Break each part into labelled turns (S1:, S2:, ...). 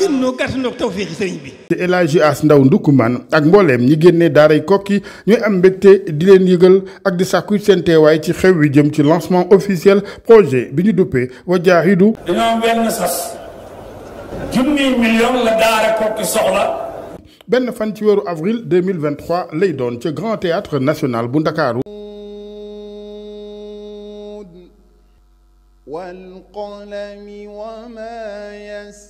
S1: gën noo gàtt
S2: As Ndaw Ndoukoumane ak mbooleem ñi génnee daaray Koki ñooy am mbégte di leen yëgal ak di sàkku seen teewaay ci xew jëm ci lancement officiel projet bi ñu duppee Wajaahidu dañoo benn sas junni million la daara Koki soxla benn fan ci weeru avril 2023 lay doon ca Grand Théâtre National bu Ndakaaru
S3: والقلم وما يسطرون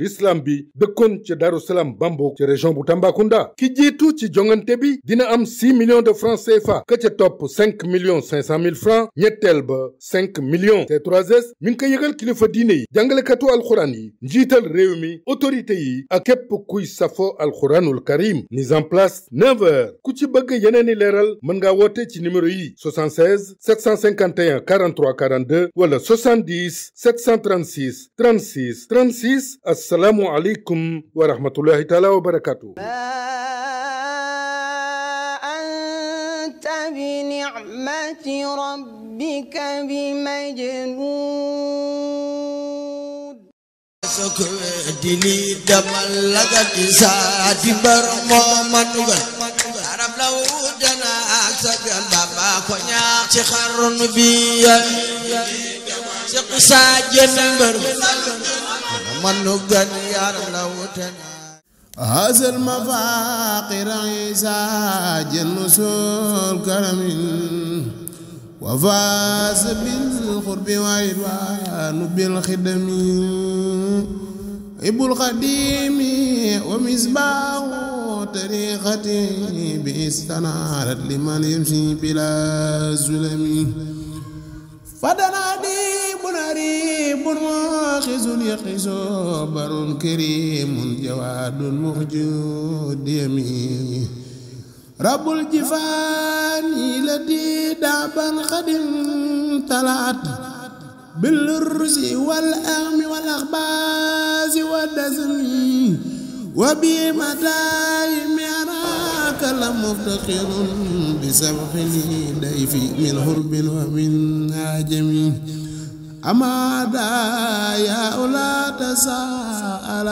S2: lislaam bi dëkkoon ca Daaru Salaam Bambo ca région bu Tambacounda ki jiitu ci jongante bi dina am 6 million de francs CFA ka ca topp 5 millions 500 mille francs ñetteel ba 5 millions c 3 mi ngi ko yëgal kilifa diine yi jàngalekatu alxuraan yi njiital réew mi autorité yi ak képp kuy safo alxuraanul karim mise en place 9 ku ci bëgg yeneeni leeral mën ngaa woote ci numéro yi wala 751 43 42 wala 70 736 36 36 asalaamu aleykum wa rahmatullahi taala wa barakaatu
S4: anta bi ni'mati rabbika bi majnuun
S3: soko dini damal lagati saati bar mooman ugal arab law dana ak sagan baba ko ñaax ci xarnu bi ya ci saa jënd mbër
S5: من الدنيا لوتنا هذا المفاقر عيسى جل الكرم وفاز بالقرب والوان بالخدم ابو القديم ومصباح طريقته باستنارت لمن يمشي بلا زلم فدنادي مناريب ماخز يقز بر كريم جواد مخجود يمين رب الجفان التي دابا خدم تلات بالرز والأهم والأخباز والدزم وبمتاع معراك لمفتقر بسبح لي ضيفي من هرب ومن عجم أما دايا لا تساءل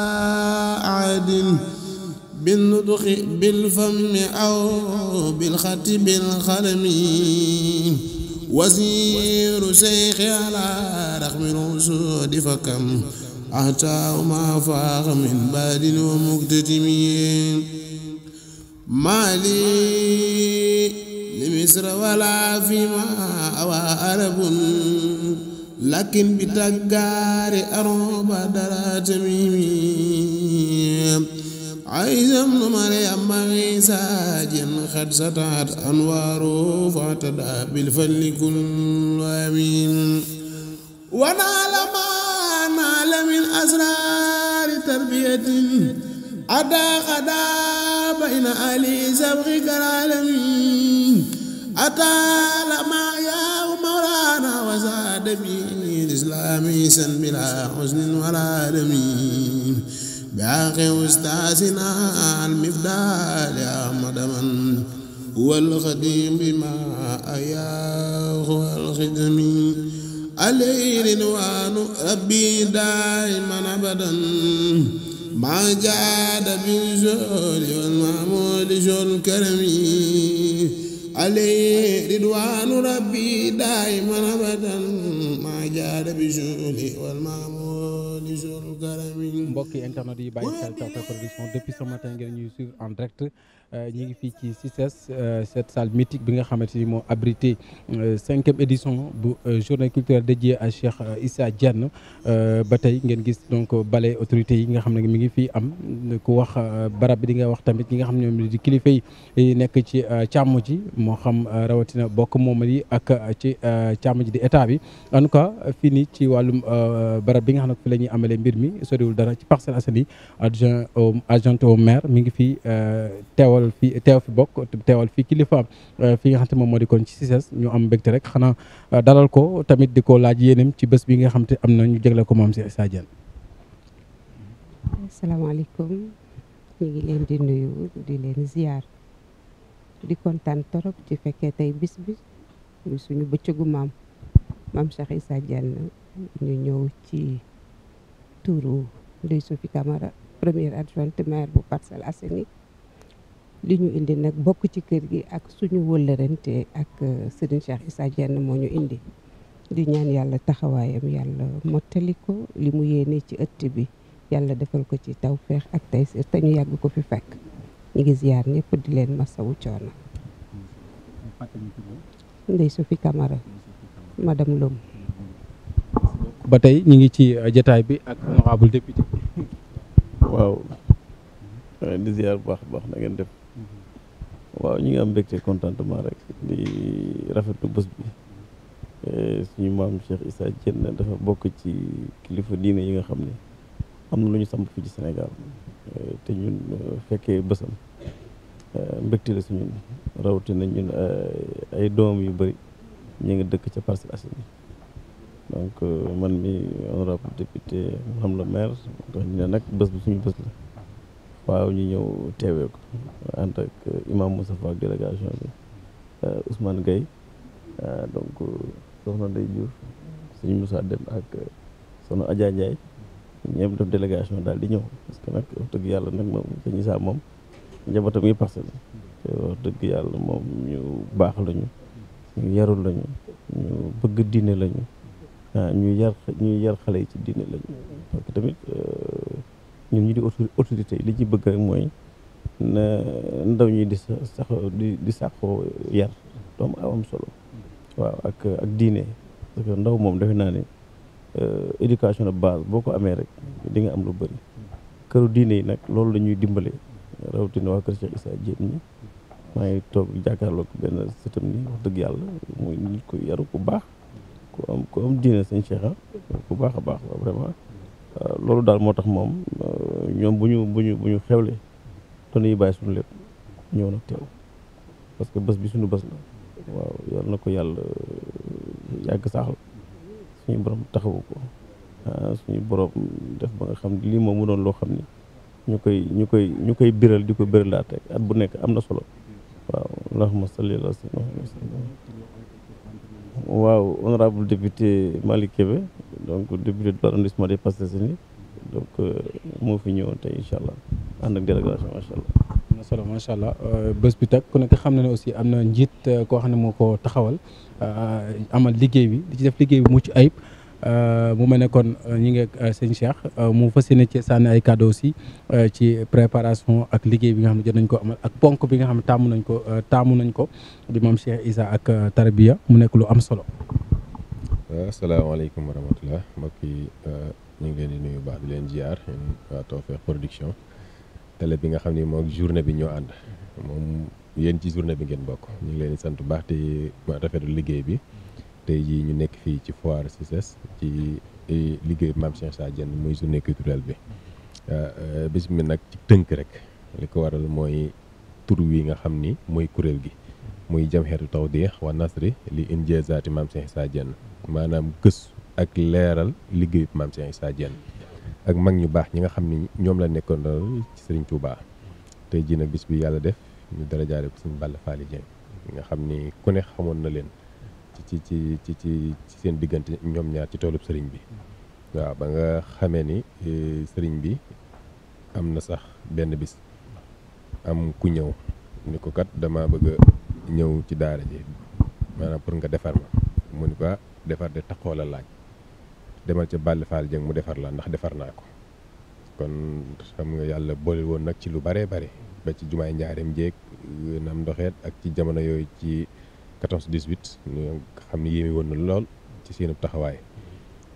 S5: عاد بالنطق بالفم أو بالخط بالقلم وزير شيخ على رغم الرشود فكم أحتى ما فاق من باد ومكتتم مالي لمصر ولا فيما أوى عرب لكن بتجار أروب درا تميمي عيسى ابن مريم عيسى جن قد سطعت أنواره فاعتدى بالفل كل أمين ونال ما لمن أسرار تربية أدا غدا بين أهلي سبغك العالمين أتى لما يا مولانا وزاد بين الإسلام سن بلا حزن ولا آلمين بعاقي أستاذنا المفدال يا مدمن هو الخديم بما أياه الخدمين عليه رضوان ربي دائما أبدا ما جاد بالجود والمعمول جود كرم عليه رضوان ربي دائما أبدا ما جاد بالجود والمعمول جود كرم mbokki internet yi bàyyi xel Tawfekh Production depuis ce matin ngeen ñuy
S6: suivre en direct Euh, ñi ngi fii ci CICES euh, cette salle mythique bi nga xamante ni moo abrité euh, cinquième édition bu journée culturelle dédiée à Cheikh Issa Diène ba tey ngeen gis donc bale autorité yi nga xam ne mi ngi fii am ku wax barab bi di nga wax tamit ñi nga xam ne ñoom di kilifay yi nekk ci càmm ji moo xam rawatina bokk moom yi ak ci càmm ji di état bi en tout cas fii nii ci wàllum barab bi nga xam ne fi la ñuy amalee mbir mi soriwul dara ci Parcelles Assainies adjoint agent au maire mi ngi fii teewal teewal fi teew fi bokk teewal fi kilifaam euh, fi nga xam te moom moo di kon ci CICES ñu am mbégte rek xanaa euh, dalal ko tamit di ko laaj yéenam ci bés bi nga xam te am na ñu jagleel ko moom si Issa
S7: ñu di nuyu di leen ziar di ci fekkee tey bis bi suñu bëccëgu maam maam Cheikh ñëw ci turu Ndeye Sophie Camara première adjointe maire bu Parcelles Assainies li ñu indi nag bokk ci kër gi ak suñu wëllërante ak euh, Serigne Cheikh Issa Diène moo ñu indi di ñaan yàlla taxawaayam yàlla mottali ko li mu yéene ci ëtt bi yàlla defal ko ci tawféex ak taysir te ñu yàgg ko fi fekk ñu ngi ziar ñëpp di leen masawu coono. Ndeye Sophie Camara madame Lom.
S6: ba tey ñu ngi ci euh, jataay
S1: bi ak honorable député. waaw. di ziar baax baax na def. waaw ñu ngi am mbégte contentement rek di rafetu bës bi eh, suñu maam Cheikh Issa Diène dafa bokk ci kilifa diine yi nga xam ne am na lu ñu samp fii ci Sénégal eh, te ñun eh, fekkee bësam mbégte la suñu rawatina ñun ay doom yu bëri ñu ngi dëkk ca Parcelles Assainies donc man mi honorable député Mame le maire wax nag bés bi suñu bës la. waaw ñu ñëw teewee ko ànd ak imam Moustapha ak délégation bi euh, Ousmane Gueye euh, donc soxna Ndey Diouf suñu Moussa Dem ak euh, soxna Adja Ndiaye ñëpp def délégation daal di ñëw parce que nag wax dëgg yàlla nag moom suñu saa moom njabootam yi parce que wax dëgg yàlla moom ñu baax lañu ñu yarul lañu ñu bëgg diine lañu ah, ñu yar ñu yar xale yi ci diine lañu parce que tamit ñu ñu di autorité li ci bëgg rek mooy na ndaw ñi di sax di di sàqoo yar doomu am solo waaw ak ak diine parce ndaw moom defe naa ne euh, éducation de base boo ko amee rek di nga am lu bari këru diine yi nag loolu lañuy ñuy dimbale rawatina waa kër Cheikh Issa Diène ñi maa ngi toog jàkkaarloog benn sëtam ni wax dëgg yàlla muy nit ko yaru ku baax ku am ku am diine sëñ Cheikh ku baax a baax vraiment Euh, loolu daal moo tax moom euh, ñoom bu ñu bu ñu bu ñu xewle dañuy bàyyi suñu lépp ñëw nag teew parce que bés bi suñu bés la waaw yàlla na ko yàlla euh, yàgg saaxal suñu borom taxawu ko ah, suñu borom def ba nga xam ne lii moom mu doon loo xam ni ñu koy ñu koy ñu koy biral di ko biralaat rek at bu nekk am na solo waaw allahumma salli ala sayyidina Muhammad waaw honorable député Malick Kébé donc député de l'arrondissement des Parcelles Assainies donc euh, moo fi ñëwoon tey incha allah ànd ak délégation macha allah.
S6: am na solo macha allah euh, bés bi tak ku nekk xam na ne aussi am na njiit euh, koo xam ne moo ko taxawal amal liggéey bi di ci def liggéey bu mucc ayib. Euh, mu ma nekkoon ñu euh, ñi ngi ak euh, sëñ Cheikh mu fas yéene ci sànni ay cadeau aussi ci préparation ak liggéey bi nga xam ne jot nañ ko amal ak ponk bi nga xam ne taamu nañ ko taamu nañ ko di maam Cheikh Issa ak tarbiya mu nekk lu am solo.
S8: asalaamaaleykum wa rahmatulah mbokk yi ñu ngi leen di nuyu baax leen ziar Production télé bi nga xam ne moom journée bi ñoo ànd moom yéen ci journée bi ngeen bokk ñu ngi leen di sant bu baax te rafetlu liggéey bi. tey jii ñu nekk fii ci foire CICES ci liggéey Mame Cheikh Sa Diène muy journée culturelle bi euh, euh, bis mi nag ci tënk rek li ko waral mooy tur wi nga xam ni mooy kuréel gi muy jamheetu tawdiix wa nasri li injaazaati Mame Cheikh Sa Diène maanaam gëstu ak leeral liggéeyu Mame Cheikh Sa Diène ak mag ñu baax ñi nga xam ni ñoom la nekkoon ci Serigne Touba tey jii nag bis bi yàlla def ñu dara jaare ko suñu Balla Faali Dieng nga xam ni ku ne xamoon na leen ci ci ci ci seen diggante ñoom ñaar ci toolub sëriñ bi waaw ba nga xamee ni e, sëriñ bi am na sax benn bis am ku ñëw ni ko kat dama bëgg ñëw ci daara ji maanaam pour nga defar ma mu ni ko ah, defar de taxoo la laaj demal ca Balla Fall Dieng mu defar la ndax defar naa ko kon xam nga yàlla boole woon nag ci lu bare bare ba ci jumaay njaareem jéeg e, nam ndoxeet ak ci jamono yooyu ci 14 18 ñu xam ne yéeme woon na lool ci seen taxawaay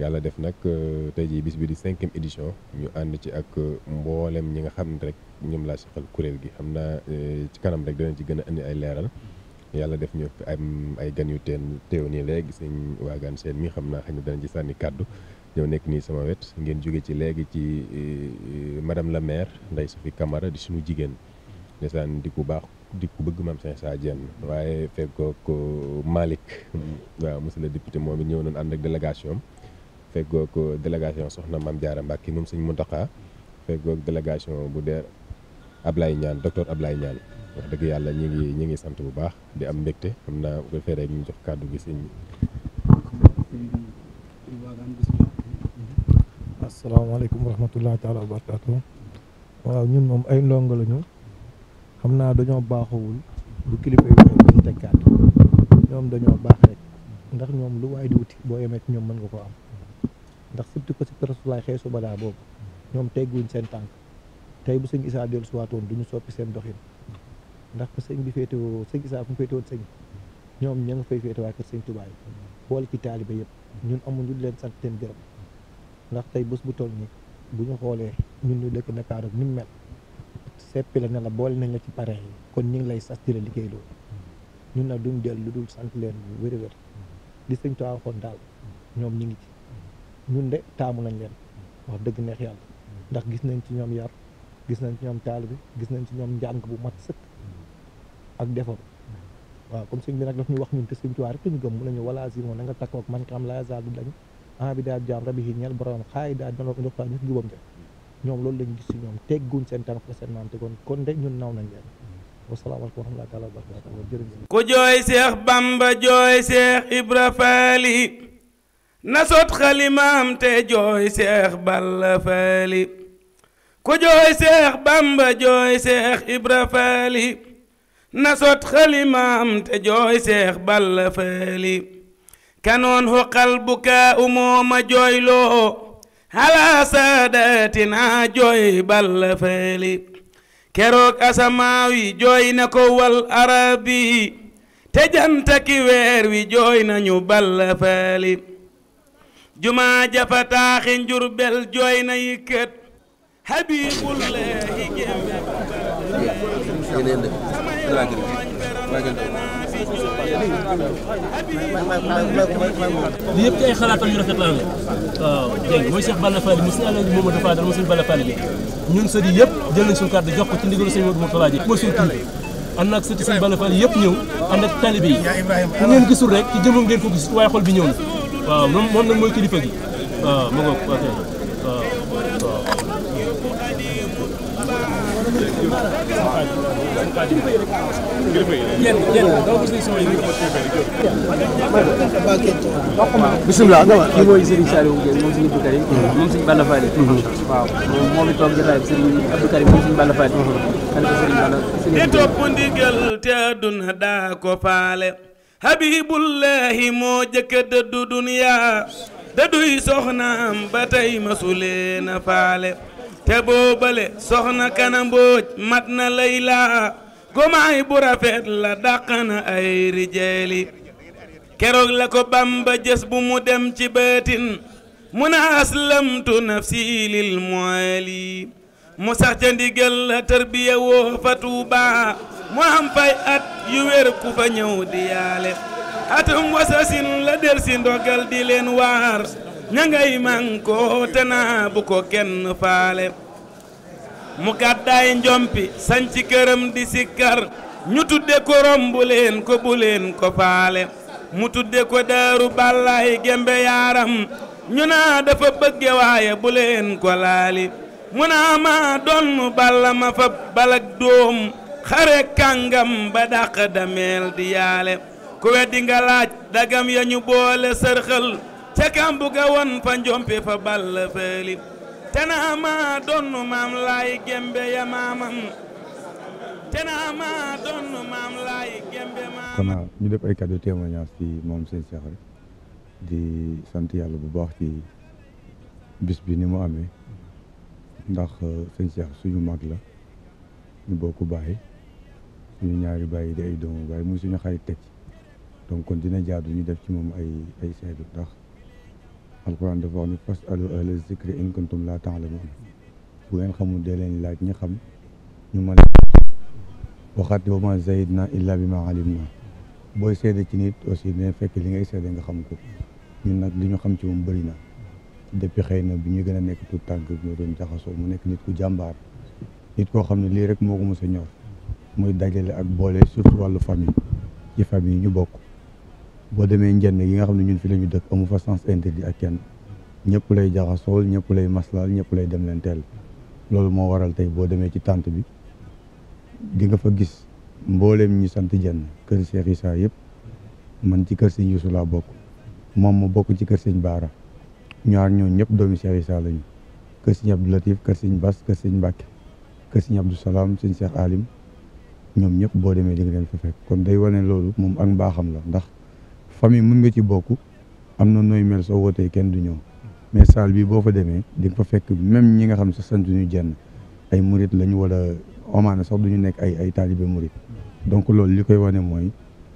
S8: yàlla def nag euh, tey jii bis bi di cinquième édition ñu ànd ci ak euh, mboolem ñi nga xam ne rek ñoom laa seqal kuréel gi xam naa euh, ci kanam rek dinañ ci gën a indi ay leeral yàlla def ñu am ay gan yu teen teew nii léegi sëñ waagaan seen mi xam naa xëy na danañ ci sànni kàddu ñoo nekk nii sama wet ngeen jóge ci léegi ci madame la maire Ndeye Sophie Camara di suñu jigéen ndeysaan di ku baax di ku bëgg Mame Cheikh Sa Diène waaye feggoo ko Malick waaw monsieur le député moom it ñëw noonu ànd ak délégation am ko délégation soxna Mame Diarra Mbacke moom sëñ Mountakha feggoo délégation bu dee Ablaye Niane docteur Ablaye Niane wax dëgg yàlla ñu ngi ñi ngi sant bu baax di am mbégte xam naa bu ko defee rek jox kàddu gi sëñ
S9: asalaamaaleykum wa rahmatullahi taala wa barakatuh waaw ñun moom ay ndongo lañu xam naa dañoo baaxawul bu kilifa yi waxee dañ ñoom dañoo baax rek ndax ñoom lu waay di wuti boo yemee ci ñoom mën nga ko am ndax surtout ko si rasulaay xeesu badaa boobu ñoom tegguñ seen tànk tey bu sëñ isaa dellu suwaatoon du soppi seen doxin ndax ko sëñ bi féetewoo sëñ isaa fu mu féetewoon sëñ ñoom ña nga fay féetewaa kër sëñ Tuubaa xool boole ci taalibe yëpp ñun amul lu leen sant leen gërëm ndax tey bés bu toll nii bu ñu xoolee ñun ñu dëkk Ndakaaru ni mu mel seppi la ne la boole nañ la ci pare yi kon ñu ngi lay sas di la liggéey loolu mm. ñun nag duñ jël lu dul sant leen wér wér mm. li sëñ Tuubaa waxoon daal mm. ñoom ñi ngi ci ñun de taamu nañ leen wax dëgg neex yàlla ndax gis nañ ci ñoom yar gis nañ ci ñoom taal bi gis nañ ci ñoom njàng bu mat sëkk ak defar waaw comme sëñ bi nag daf ñu wax ñun te sëñ Tuubaa rek ñu gëm mu nañu wala si moom na nga takkoog man ka am laa zaadu dañ bi daal jaam rabi yi ñel borom xaayi daal danook ndox ñoom loolu lañu gis si ñoom tegguñ seen tànk fa seen maam tegoon kon de ñun naw nañ leen wasalaamaaleykum wa rahmatulah taala
S10: jooy seex bamba jooy seex ibra faali na xalimaam te jooy seex balla faali ku xalimaam te jooy seex balla faali kanoon xoqal bukaa umooma jooyloo ala saadatina jooy balla keroog asamaaw yi jooy na ko wal arabi te jantaki weer wi jooy nañu balla feeli jumaa jafa taaxi njurbel jooy na yëkkat habibullahi
S1: lii yëpp ci ay xalaatam yu rafet la amee waaw dégg mooy Cheikh Balla Fall mu
S11: sëñ Alaaji Mamadou Fadal mu sëñ Balla Fall bi ñun sëñ yi yëpp jël nañ suñu carte jox ko ci ndigalu sëñ Modou Moustapha ji mooy suñu kii ànd ak sëti sëñ Balla Fall yëpp ñëw ànd ak talibé yi ku ngeen gisul rek ci jëmmam ngeen ko gis waaye xol bi ñëw na waaw moom moom nag mooy kilifa gi waaw ma ngoog waaw waaw
S10: bisimilah nga wax kii mooy Serigne Saliou Gueye moom Serigne Abdou Karim mhm. moom Serigne Balla Fall
S6: mhm. waaw moom moo fi toog jotaay Serigne Abdou Karim moom Serigne Balla Fall mhm. xalifa Serigne Balla
S10: ne topp ndigal te àdduna daa ko faale habibullahi moo jëkk dëddu duniyaa dëdduy soxnaam ba tey masuleena faale te boobale soxna kana mat na lay laa gomaay bu rafet la dàq na ay rijeeli keroog la ko bamba jës bu mu dem ci bëtin mu na aslamtu nafsi lil muwaali mu sax ca ndigal la tarbiya woo fa tuuba mu am at yu wér ku fa ñëw di yaale atum wasasin la del si di leen waar ña ngay mànkoo te naa bu ko kenn faale mu gàddaay njompi sañc këram di sikkar ñu tudde ko romb leen ko bu leen ko faale mu tudde ko daaru bàllaay gembe yaaram ñu naa dafa bëgge waaye bu leen ko laali mu naa maa donn balla ma fa balak doom xare kàngam ba dàq dameel di yaale ku weddi nga laaj dagam ya ñu boole sërxël ca kambuga won fa njompe fa balla faali tena ma donnu maam laay gembe ya maamam maam laay gembe
S12: maamam ñu def ay cadeau témoignage ci moom seen Cheikh rek di sant yàlla bu baax ci bis bi ni mu amee ndax euh, sëñ Cheikh suñu mag la ñu bokk bàyyi suñu ñaari bàyyi di ay doomu bàyyi muy suñu xarit teg donc kon dina jaadu ñu def ci moom ay ay seetu ndax alquran dafa wax ni fasalu ahla zikri in kuntum laa taalamuun bu ngeen xamul dee leen laaj ñi xam ñu mën waxaat wa ma zayidna illa bi ma alimna booy seede ci nit aussi dina fekk li ngay seede nga xam ko ñun nag li ñu xam ci moom bëri na depuis xëy na bi ñu gën a nekk tout tànk ñu doon jaxasoo mu nekk nit ku jàmbaar nit koo xam ne lii rek moo ko mos a ñor muy dajale ak boole surtout wàllu famille ci famille ñu bokk boo demee njenn yi nga xam ne ñun fi la ñu dëkk amu fa sens interdit ak kenn ñëpp lay jaxasool ñëpp lay maslaal ñëpp lay dem leen loolu moo waral tey boo demee ci tànt bi di nga fa gis mbooleem ñu sant jenn kër Cheikh yëpp man ci kër sëñ Youssou laa bokk moom ma bokk ci kër sëñ Baara ñaar ñoom ñëpp doomi Cheikh Issa lañu kër sëñ Abdou Latif kër sëñ Bas kër sëñ Mbàkke kër sëñ Abdou Salaam sëñ Cheikh Alim ñoom ñëpp boo demee di nga leen fa fekk kon day wane loolu moom ak mbaaxam la ndax famille mun nga ci bokk am na nooy mel soo wootee kenn du ñëw mais salle bi boo fa demee di nga fa fekk même ñi nga xam sa sant ñu jenn ay murit lañu wala omaana sax ñu nekk ay ay taalibe murit donc loolu li koy wane mooy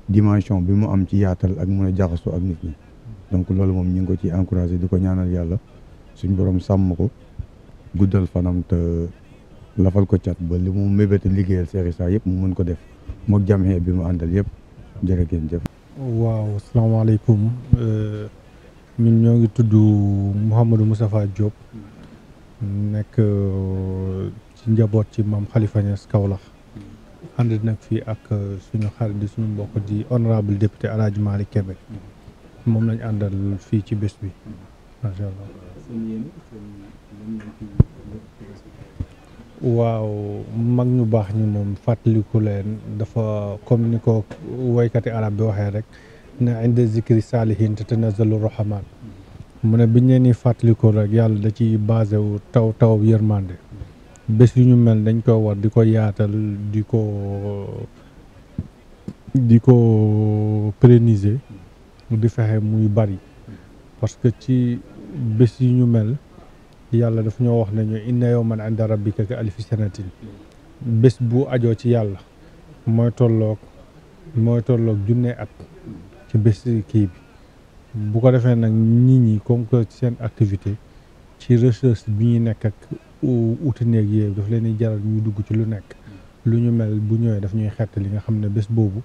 S12: dimension bi mu am ci yaatal ak mun a jaxasoo ak nit ñi donc loolu moom ñu ngi ko ci encouragé di ko ñaanal yàlla suñ borom sàmm ko guddal fanam te lafal ko cat ba li mu mébéte liggéeyal Cheikh Issa yëpp mu mën ko def moo jàmxee bi mu àndal yëpp jërë ngeen jëf
S13: waaw asalaamaaleykum euh, ñun ñoo ngi tudd Mouhamadou Moustapha Diop nekk euh, ci njaboot ci maam xalifa Niass Kaolack ànd nag fii ak euh, suñu xarit di suñu mbokk di honorable député El Hadj Malick Kébé moom lañ àndal fii ci bés bi waaw mag ñu baax ñi moom fàttaliku leen dafa comme ni ko woykati arab bi waxee rek ne inde zikri saalihin te tanazalu rahaman mu ne biñ leen di fàttaliku rek yàlla da ci basé wu taw taw yërmande bés yu ñu mel dañ ko war di ko yaatal di ko di ko pérenniser di fexe muy bari parce que ci bés yu ñu mel yàlla daf ñoo wax nañu inna yawman inda rabbika ka alfi sanatin bés bu ajoo ci yàlla mooy tolloog mooy tolloog junne at ci bés kii bi bu ko defee nag ñi ñi comme que seen activité ci recherche bi ñuy nekk ak uti néeg yooyu daf leen di jaral ñu dugg ci lu nekk lu ñu mel bu ñëwee daf ñuy xet li nga xam ne bés boobu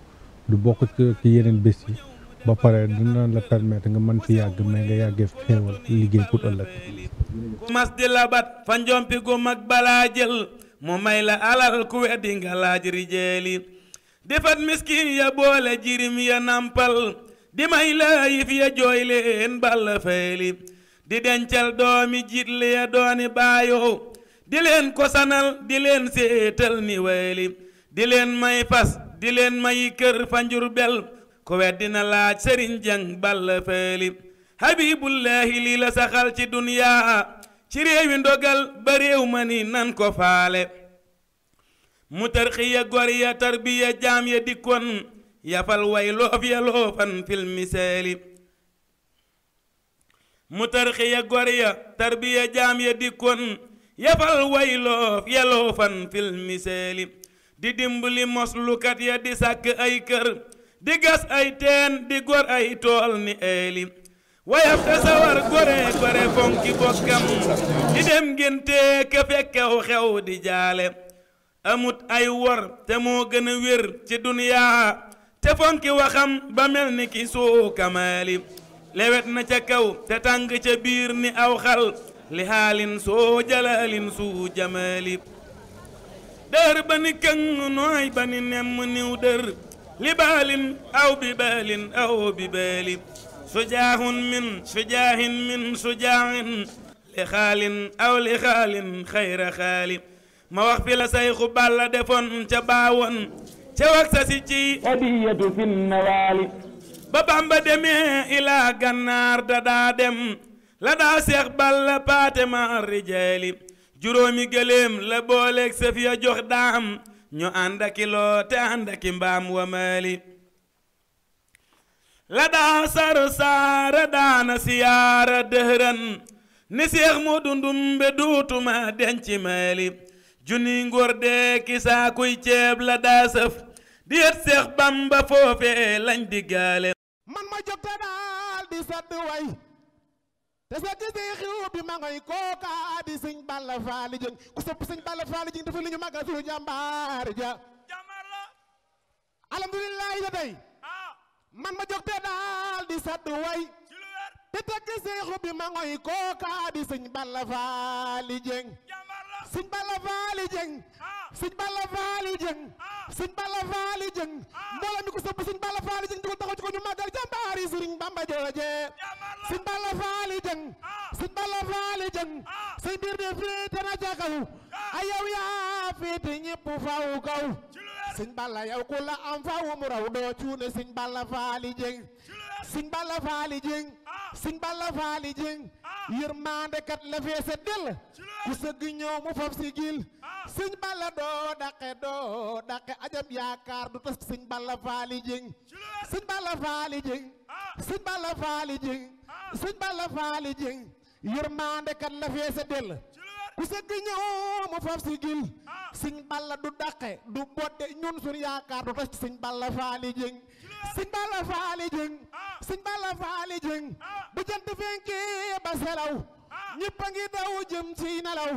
S13: du bokk ci yeneen bés yi ba pare dina la permettre nga mën fi yàgg mais nga yàggee fi xéewal liggéey pour ëllëg
S10: mas di labat fa njompi mag balaa jël mu may la alal ku weddi nga laaj rijeeli defat miskin ya boole jirim ya nampal di may la ya jooy balla fayli di dencal doomi jiitli ya dooni baayoo di leen ko sanal di leen seetal ni wayli di leen may fas di leen may kër fa njur bel ku weddina laaj sëriñ jang balla faali habibullahi lii la saxal ci duniyaa ci réewi ndogal ba réew ma ni nan ko faale mu tarxiya ya tarbiya ya dikkoon ya loofan ya tarbiya jaam yafal way ya loofan fil misaali di dimbali moslukat ya di sàkk ay kër di gas ay teen di gor ay tool ni eeli wayaf te sawar gore gore fonki bokkam di dem ngénte ka fekkew xew di jaale amut ay wor te moo gën a wér ci duniyaa te fonki waxam ba mel ni ki suu kamaali lewet na ca kaw te tàng ca biir ni aw xal li xaalin soo jalaalin suu jamaali dër ba ni këng nooy ba ni nemm niw dër لبال أو ببال أو ببال سجاه من سجاه من سجاع لخال أو لخال خير خال ma wax fi la sayxu Balla defoon ca baawoon ca wax sa si ci adiyatu fi nawaali ba Bamba demee ilaa gànnaar da daa dem la daa seex Balla paate ma rijaali juróomi gëléem la booleeg sëf ya jox daam ñu ànd aki te ànd mbaam wa maali la daa saru saara daana siyaara dëhëran ni seex mu dundumbe duutuma denc maali junni ngóor dee ki saakuy ceeb la daa di yët seex bamba foofe lañ diggaale
S14: man ma jot daal sadd way te sa gis day xiw bi ma ngoy di sëñ Balla Faali Jëng ku sopp sëñ Balla Faali Jëng dafa li ñu màggal suñu jàmbaar ja jàmbaar la alhamdulilahi ah. man ma jox te daal di sadd way te tagg seexu bi ma ngoy kooka di sëñ Balla Faali Jëng sëñ Balla Fally Dieng ah. sëñ Balla Fally Dieng ah. sëñ Balla Fally Dieng ah. mbooloo mi ko sëpp sëñ Balla Fally Dieng di ko taxaw ci ko ñu màggal jàmbaari sëriñ Bamba jooje sëñ Balla Fally Dieng sëñ Balla Fally Dieng sëñ biir de fii te na ca kaw ay yow yaa fiiti ñëpp faw kaw sëñ Balla yow ku la am faw mu raw doo cuune sëñ Balla Fally Dieng sëñ Balla Faali Jeng ah. sëñ Balla Faali Jeng ah. yërmande kat la feese del ku sëgg ñëw mu fab si gil ah. sëñ Balla doo daqe doo daqe ajam yaakaar du tas sëñ Balla Faali Jeng sëñ Balla Faali Faali Jeng sëñ Balla kat la feese del ku sëgg ñëw mu fab si gil sëñ Balla du daqe du bodde ñun suñu yaakaar du tas sëñ Balla Faali Jeng sëñ Balla Faali Jëng ah. sëñ Balla Faali Jëng bu ah. jant fenkee ba selaw ah. ñëpp a ngi daw jëm ci nelaw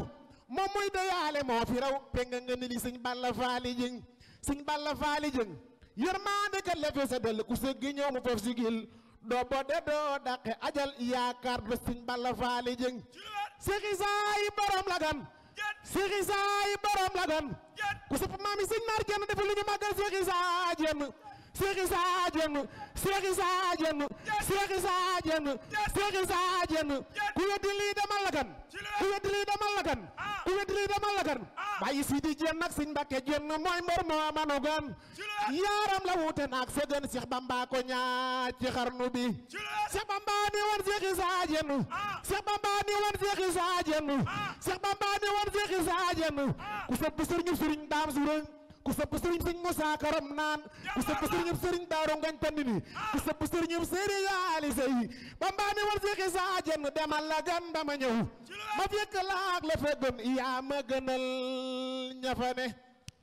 S14: moom muy doyaale moo fi raw penga nga ni li sëñ Balla Faali Jëng sëñ Balla Faali Jëng yërmaande kat la fees a dell ku sëggi ñëw mu foof sigil doo bode doo daqe ajal yaakaar ba sëñ Balla Faali Jëng Seex borom lagan Seex borom lagan ku sopp maam yi sëñ Mar Jenn defu lu ñu màggal Seex Isaa Cheikh Issa Diène Cheikh Issa Diène Cheikh Issa Diène Cheikh Issa Diène ku weddi lii demal la kan ku weddi lii demal la kan ah. ku weddi lii demal la kan ah. bàyyi Sidi Diène nag Sëñ Mbàkke Diène mooy mbër moo manu gan yaaram la wuute naak sa gën Cheikh ko ñaaj ci xarnu bi Cheikh Bamba ni woon Cheikh Issa Diène ah. Cheikh Bamba ni woon Cheikh Issa Diène Cheikh ku sa bu sëriñu sëriñ daam su ku sëpp sëriñ sëñ Moussa naan ku sëpp sëriñam sëriñ Daaru Ngañ Tandini ku sëpp sëriñam sëriñ Ali Sey Bamba ni war sixi saa jenn demal la gan dama ñëw ma fekk laak la fa gën yaa ma gënal
S3: ñafane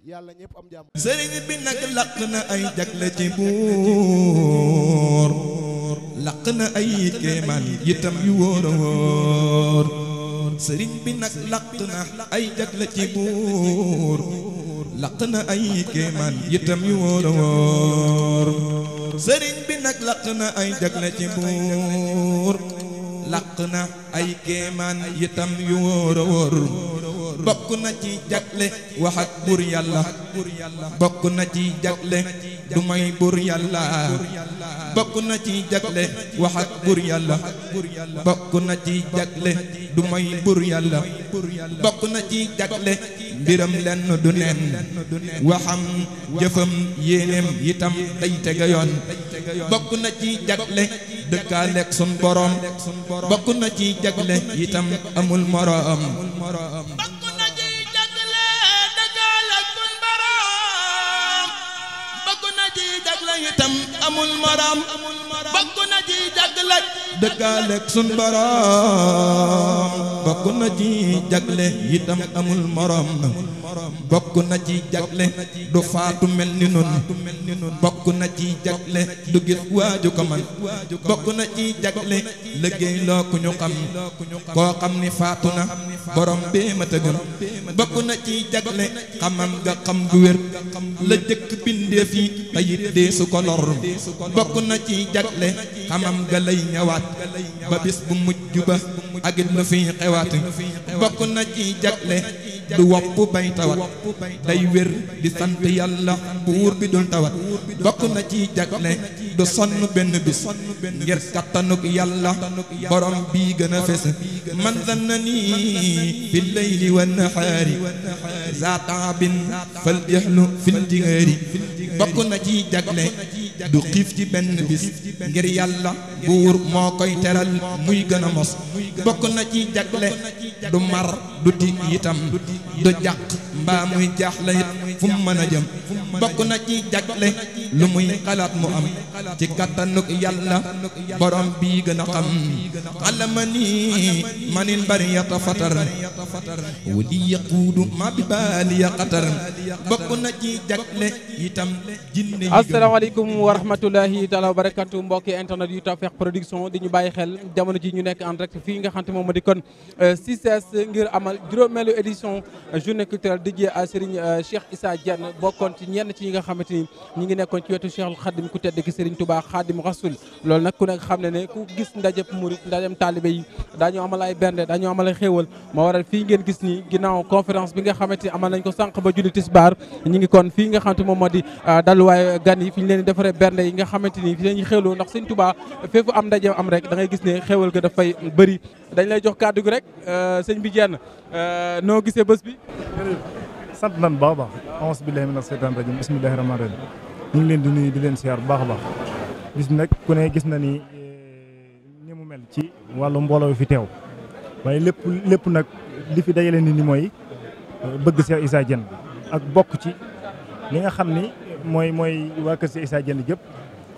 S3: yàlla ñëpp am jàmm sëriñ bi nag laq na ay jagle ci buur laq na ay kéemaan itam yu wóor a wóor sëriñ bi nag laq na ay jagle ci buur laq na ay kéemaan yitam yu wóor a na ay jagle ci buur laq na ay kéemaan yitam yu na ci jagle wax ak buur yàlla bokk na ci jagle du may na ci jagle wax ak yàlla bokk na ci jagle du moy bur yàlla bokk na ci jagle mbiram lenn du neen waxam jëfam yéeneem itam day tega yoon bokk na ci jagle dëkkaaleeg sun boroom bokk na ci jagle itam amul moroom jagle itam amul morom bokk na ci jagle dëkkaaleeg sun borom bokk na ci jagle itam amul morom bokk na ci jagle du faatu mel ni nun bokk na ci jagle du gis waaju ko man bokk na ci jagle liggéey loo ku ñu xam koo xam ni faatu na borom bee ma tëgëm bokk na ci jagle xamam nga xam gu wér la jëkk bindeef yi tayit dee su ko lor bokk na ci jagle xamam ga lay ñëwaat ba bis bu mujj ba ak lu fiy xewaat bokk na ci jagle du wopp bay tawat day wér di sant yàlla buur bi dul tawat bokk na ci jagle du sonn benn bis ngir kattanuk yàlla borom bii gën a fes man zanna nii bil layli wa nahaari zaataabin fal jahlu fil jihaari bokk na ci jagle du xiif ci benn bis ngir yàlla buur moo koy teral muy gën a mos bokk na ci jagle du mar du ti itam du jàq mbaa muy jaaxle it fu mu mën a jëm bokk na ci jagle lu muy xalaat mu am ci kattanuk yàlla borom bii gën a xam alama nii manin bari yata fatar wali yaquudu ma bi baali ya xatar bokk na ci jagle itam jinne yi asalaamaaleykum wa
S6: rahmatulahi taala wa barakatu mbokki internet yu Tawfekh Production di ñu bàyyi xel jamono ji ñu nekk en direct fii nga xam te moom di kon 6S euh, ngir amal juróomeelu édition euh, journée culturelle dédiée à Serigne euh, Cheikh Issa Diène bokkoon ci ñenn ci ñi nga xamante ni ñi ngi nekkoon ci wetu Cheikh Khadim ku tedd ki Serigne Touba Khadim Rasoul loolu nag ku nekk xam ne ne ku gis ndajeb murit ndajem taalibe yi daañu amal ay bernde daañu amal ay xéewal moo waral fi bernde yi nga xamante ni fi dañuy xewloo ndax sëñ Touba féefu am ndaje am rek da ngay gis ne xewal ga dafay bëri dañ lay jox kàddu gi rek euh, sëñ bi jenn
S15: euh, noo gisee bës bi sant nan baax baax aouzu billahi mina seytaan rajim bismillahi rahmaani rahim ñu ngi leen di nuyu di leen siyaar bu baax a baax bis nag ku ne gis na ni euh, ni mu mel ci wàllu mbooloo fi teew waaye lépp lépp nag li fi dajale ni ni mooy bëgg Cheikh Issa ak bokk ci li nga xam ni mooy mooy waa kër Cheikh Issa Diène jëpp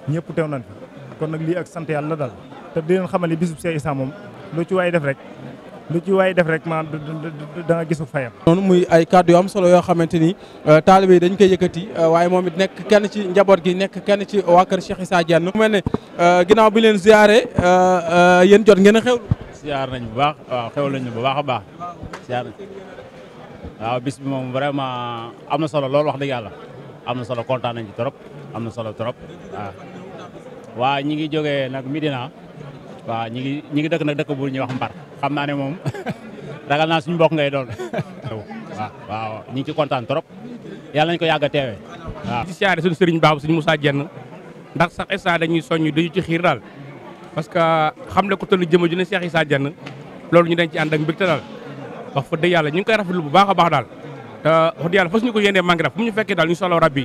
S15: ñëpp teew nañ fi kon nag lii ak sant yàlla la daal te di leen xamal ni bisub Cheikh Issa moom lu ci waay def rek lu ci waay def rek maanaam da nga gisu fayam.
S6: noonu muy ay kàddu yoo am solo yoo xamante ni euh, taalibe yi dañ koy yëkkati euh, waaye moom it nekk kenn ci njaboot gi nekk kenn ci waa kër Cheikh Issa Diène. mu mel ne euh, ginnaaw bi leen ziare
S11: yéen jot ngeen xew xewlu. nañ bu baax waaw xewlu nañ bu baax a baax ziar nañ waaw bis moom vraiment am na solo lool wax dëgg yàlla. am na solo kontaan nañ ci trop am na solo trop waa ñi ngi jógee nag Medina waaw ñi ngi ñi ngi dëkk nag dëkk bu ñuy wax Mbar xam naa ne moom ragal naa suñu mbokk ngay doon waaw waaw ñi ngi ci kontaan trop yàlla nañu ko yàgg a teewee waaw. di siyaare suñu sëriñ baabu suñu Moussa Dieng ndax sax instant dañuy soññ dañu ci xiir daal parce que xam ne ku tënnu jëmm ju ne Cheikh Issa Dieng loolu ñu dañ ci ànd ak daal wax fa dëgg yàlla ñu ngi koy rafetlu bu baax a baax daal. Euh, wax dëgg yàlla fas ñu ko yéenee manqué daf bu ñu fekkee daal incha allah rabbi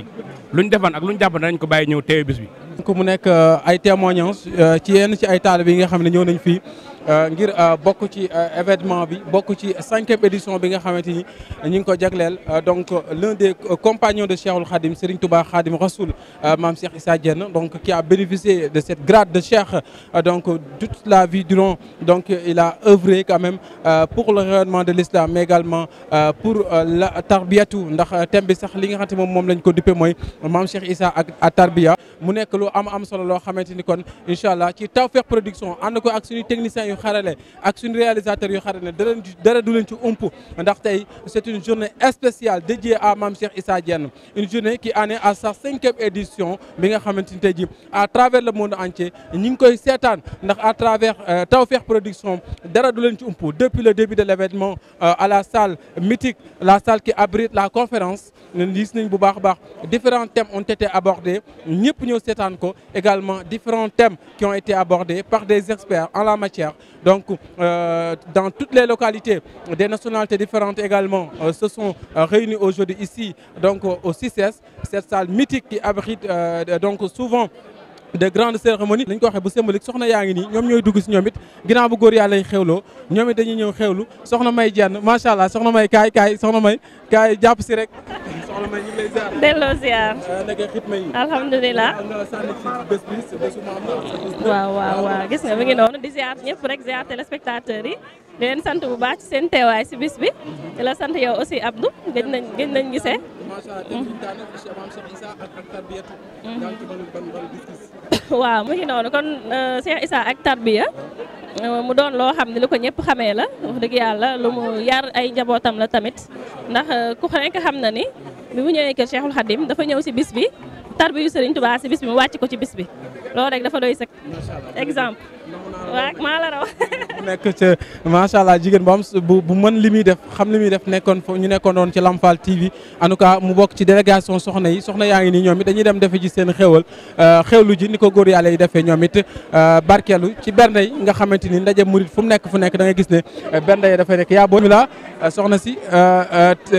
S11: lu ñu ak lu ñu jàpp danañ ko bàyyi ñëw teewe bis bi.
S6: donc mu nekk euh, ay témoignages euh, ci yenn ci ay taal yi nga xam ne ñëw nañ fii Euh, ngir euh, bokk ci euh, événement bi bokk ci cinquième édition bi nga xamante ni ñu ngi ko jagleel donc l'un des compagnons de Cheikhul Khadim Serigne Touba Khadim Rasoul Mame Cheikh Issa Diène donc qui a bénéficié de cette grade de cheikh donc toute la vie durant donc il a œuvré quand même pour le rayonnement de l'islam également pour la tarbiyatu ndax thème bi sax li nga xamante moom moom lañ ko duppe mooy Mame Cheikh Issa ak tarbiya mu nekk lu am am solo loo xamante ni kon incha ci Tawfekh Production xarale ak suñu réalisateur yu xarale dara dara du leen ci ump ndax tey c'est une journée spéciale dédiée à Mame Cheikh Issa Diène une journée qui en est à sa cinquième édition bi nga xamante ni tey ji à travers le monde entier ñi ngi koy seetaan ndax à travers euh, Tawfekh Production dara du leen ci umpu depuis le début de l'événement euh, à la salle mythique la salle qui abrite la conférence gis nañ bu baax a baax différents thèmes ont été abordés ñëpp ñëw seetaan ko également différents thèmes qui ont été par des experts en matière Donc, euh, dans toutes les localités, des nationalités différentes également euh, se sont euh, réunies aujourd'hui ici, donc euh, au CICES, cette salle mythique qui abrite euh, donc souvent de grandes cérémonies lañ ko waxee bu symbolique soxna yaa ngi nii ñoom ñooy dugg si ñoom it ginnaaw bu góor yàlla yi xewloo ñoom it dañuy ñëw xewlu soxna may jenn macha allah soxna may kaay kaay soxna may kaay jàpp si rek
S16: soxna May ñu ngi lay ziar. delloo ziar. naka xitma alhamdulilah. waaw waaw waaw gis nga mi ngi noonu di ziar ñëpp rek ziar téléspectateurs yi. leen sant bu baax ci seen teewaay si bis bi di la sant yow aussi Abdou gëj nañ gëj nañ gisee. waaw mu ngi noonu kon euh, Cheikh Issa ak tarbiya euh, mu doon loo xam ne lu ko ñëpp xamee la wax dëgg yàlla lu mu yar ay njabootam la tamit ndax euh, ku nekk xam na ni. bi mu ñëwee kër Cheikhul Khadim dafa ñëw si bis bi tarbiyu Serigne Touba si bis bi mu wàcc ko ci bis bi loolu rek dafa doy sëkk exemple waaw maa la raw.
S6: nekk ca macha allah jigéen bu bu bu mën li muy def xam li muy def nekkoon fo ñu nekkoon doon ci Lamfal TV en tout cas mu bokk ci délégation soxna yi soxna yaa ngi nii ñoom it dañuy dem defe ji seen xéwal euh, xéwlu ji ni ko góor yàlla yi defee ñoom it euh, barkeelu ci bernde yi nga xamante ni ndaje murit fu mu nekk fu nekk da nga gis ne euh, bernde yi dafay nekk yaa boo la soxna si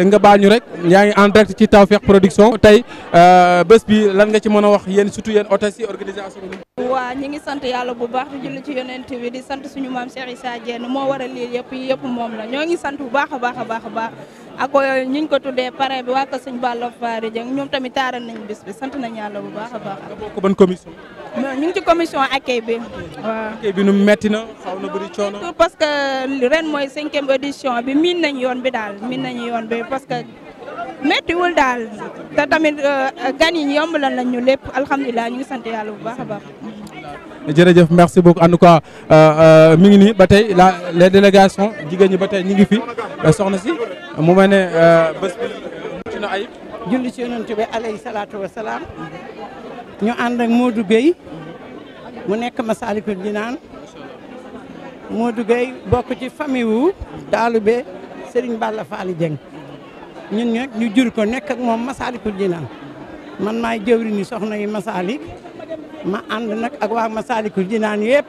S6: nga baal ñu rek yaa ngi en direct ci Tawfekh Production tey bés bi lan nga ci mën a wax yéen surtout yéen hôtesse yi organisation bi.
S17: yonent bi di sant suñu maam Cheikh Issa Diène moo waral lii yëpp yëpp moom la ñoo ngi sant bu baax a baax a baax a baax ak ñu ko tuddee parrain bi waa ko suñu Balla Fari Dieng ñoom tamit taaral nañu bis bi sant nañu yàlla bu baax a baax. nga bokk ban ñu ngi ci commission accueil bi waaw.
S6: accueil bi nu metti na xaw na bëri coono. surtout
S17: parce que ren mooy cinquième bi miin nañu yoon bi daal miin nañu yoon bi parce que. méttiwul daal te tamit euh, gan yi yombalal nañ ñu lépp alhamdulilah ñu ngi sant yàlla bu baax a baax.
S6: jërëjëf merci beaucoup en tout cas euh, euh, mi ngi nii ba tey la les délégations jigéen ñi ba tey ñu ngi fi euh, soxna si mu mel ne bés bi
S18: mucc na ayib. julli ci yonent bi salaatu wa salaam ñu ànd ak Modou mu nekk Masaalikul Jinaan Modou Gueye bokk ci famille wu Daalube Serigne Balla Faali Dieng ñun ñëpp ñu jur ko nekk moom Masaalikul Jinaan man maay jëwriñu soxna yi Masaalik ma ànd nag ak waa Masaalikul Jinaan yépp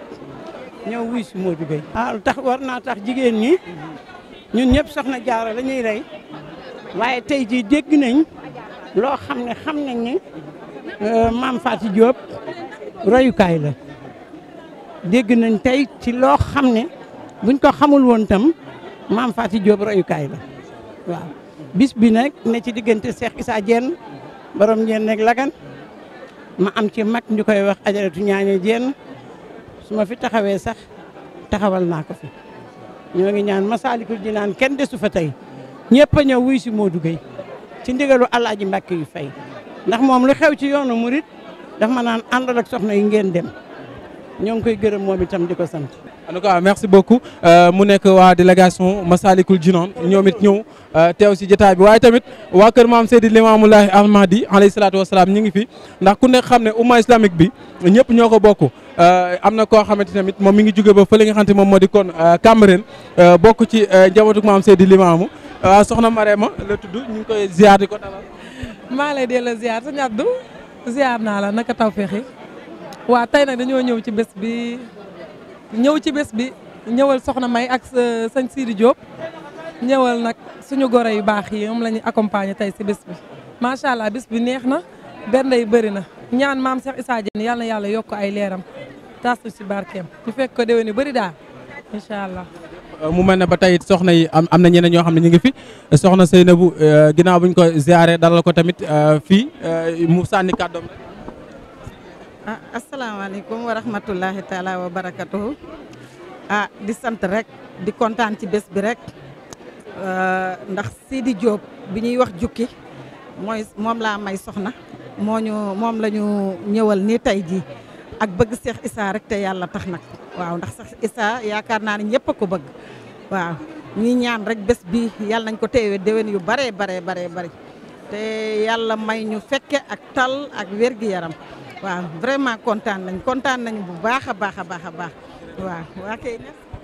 S18: ñëw wuy si Modou Gueye. Ah, tax war naa tax jigéen ñi ñun ñëpp soxna jaara la ñuy rey waaye tey jii dégg nañ loo xam ne xam nañ ne euh, maam Fatou jóob royukaay la dégg nañ tey ci loo xam ne buñ ko xamul woon tam maam Fatou Diop royukaay la waaw bis bi nag ne ci diggante Cheikh saa Diène borom ñeen nekk Lagan ma am ci mag ñu koy wax ajaratu ñaaña jenn su ma fi taxawee sax taxawal naa ko fi ñoo ngi ñaan Masaalikul Jinaan kenn desu fa tey ñëpp a ñëw wuy si moo Gueye ci ndigalu Alaaji Mbàkke yu fay ndax moom lu xew ci yoonu murit dafa ma naan àndal ak soxna yi ngeen dem ñoo ngi koy gërëm moom itam di ko sant en tout cas merci beaucoup
S6: euh, mu nekk waa délégation Massalikul Jinan ñoom ñëw euh, teew si jotaay bi waaye tamit waa kër maam Seydi Limaamu Laahi Almahdi alayhi salaatu wasalaam ñi ngi fi ndax ku nekk xam ne umma islamique bi ñëpp ñoo ko bokk euh, am na koo xamante tamit moom mi ngi jóge ba fële nga xamante moom moo di kon Cameroun bokk ci njabootu maam Seydi Limaamu waaw soxna Marema la tudd ñu ngi koy ziar di ko dalal.
S14: maa lay delloo ziar sa ñaddu
S16: ziar naa la naka taw feexi waa ñëw ci bés bi ñëwal soxna May ak euh, sëñ Sidi Diop ñëwal nag suñu goro yu baax yi moom la ñuy accompagner tey si bés bi macha allah bés bi neex na benn yi bëri na ñaan maam Cheikh Issa Diène yàlla na yàlla yokk ay leeram tas ci barkeem ñu fekk ko déwén yu bëri daal incha allah.
S6: Euh, mu mel ne ba tey soxna yi am am na ñeneen ñoo xam ne ñu ngi fi soxna Seynabou euh, ginnaaw buñ ko ziaree dalal ko tamit fii mu sànni kàddoom
S7: ah asalaamaaleykum wa rahmatullahi taala wa barakatuhu ah di sant rek di kontaan ci bés bi rek ah, ndax Sidi Diop bi ñuy wax jukki mooy moom laa may soxna moo ñu moom lañu ñëwal nii tey jii ak bëgg Seex Isaa rek te yàlla tax nag waaw ndax Seex Isaa yaakaar naa ne ñëpp a ko bëgg waaw ñi ñaan rek bés bi yàlla nañ ko teewee déwén yu baree baree baree bari te yàlla may ñu fekke ak tal ak wér-gi-yaram waaw vraiment kontaan nañ kontaan nañu bu baax a baax a baax a baax waaw
S11: waa kay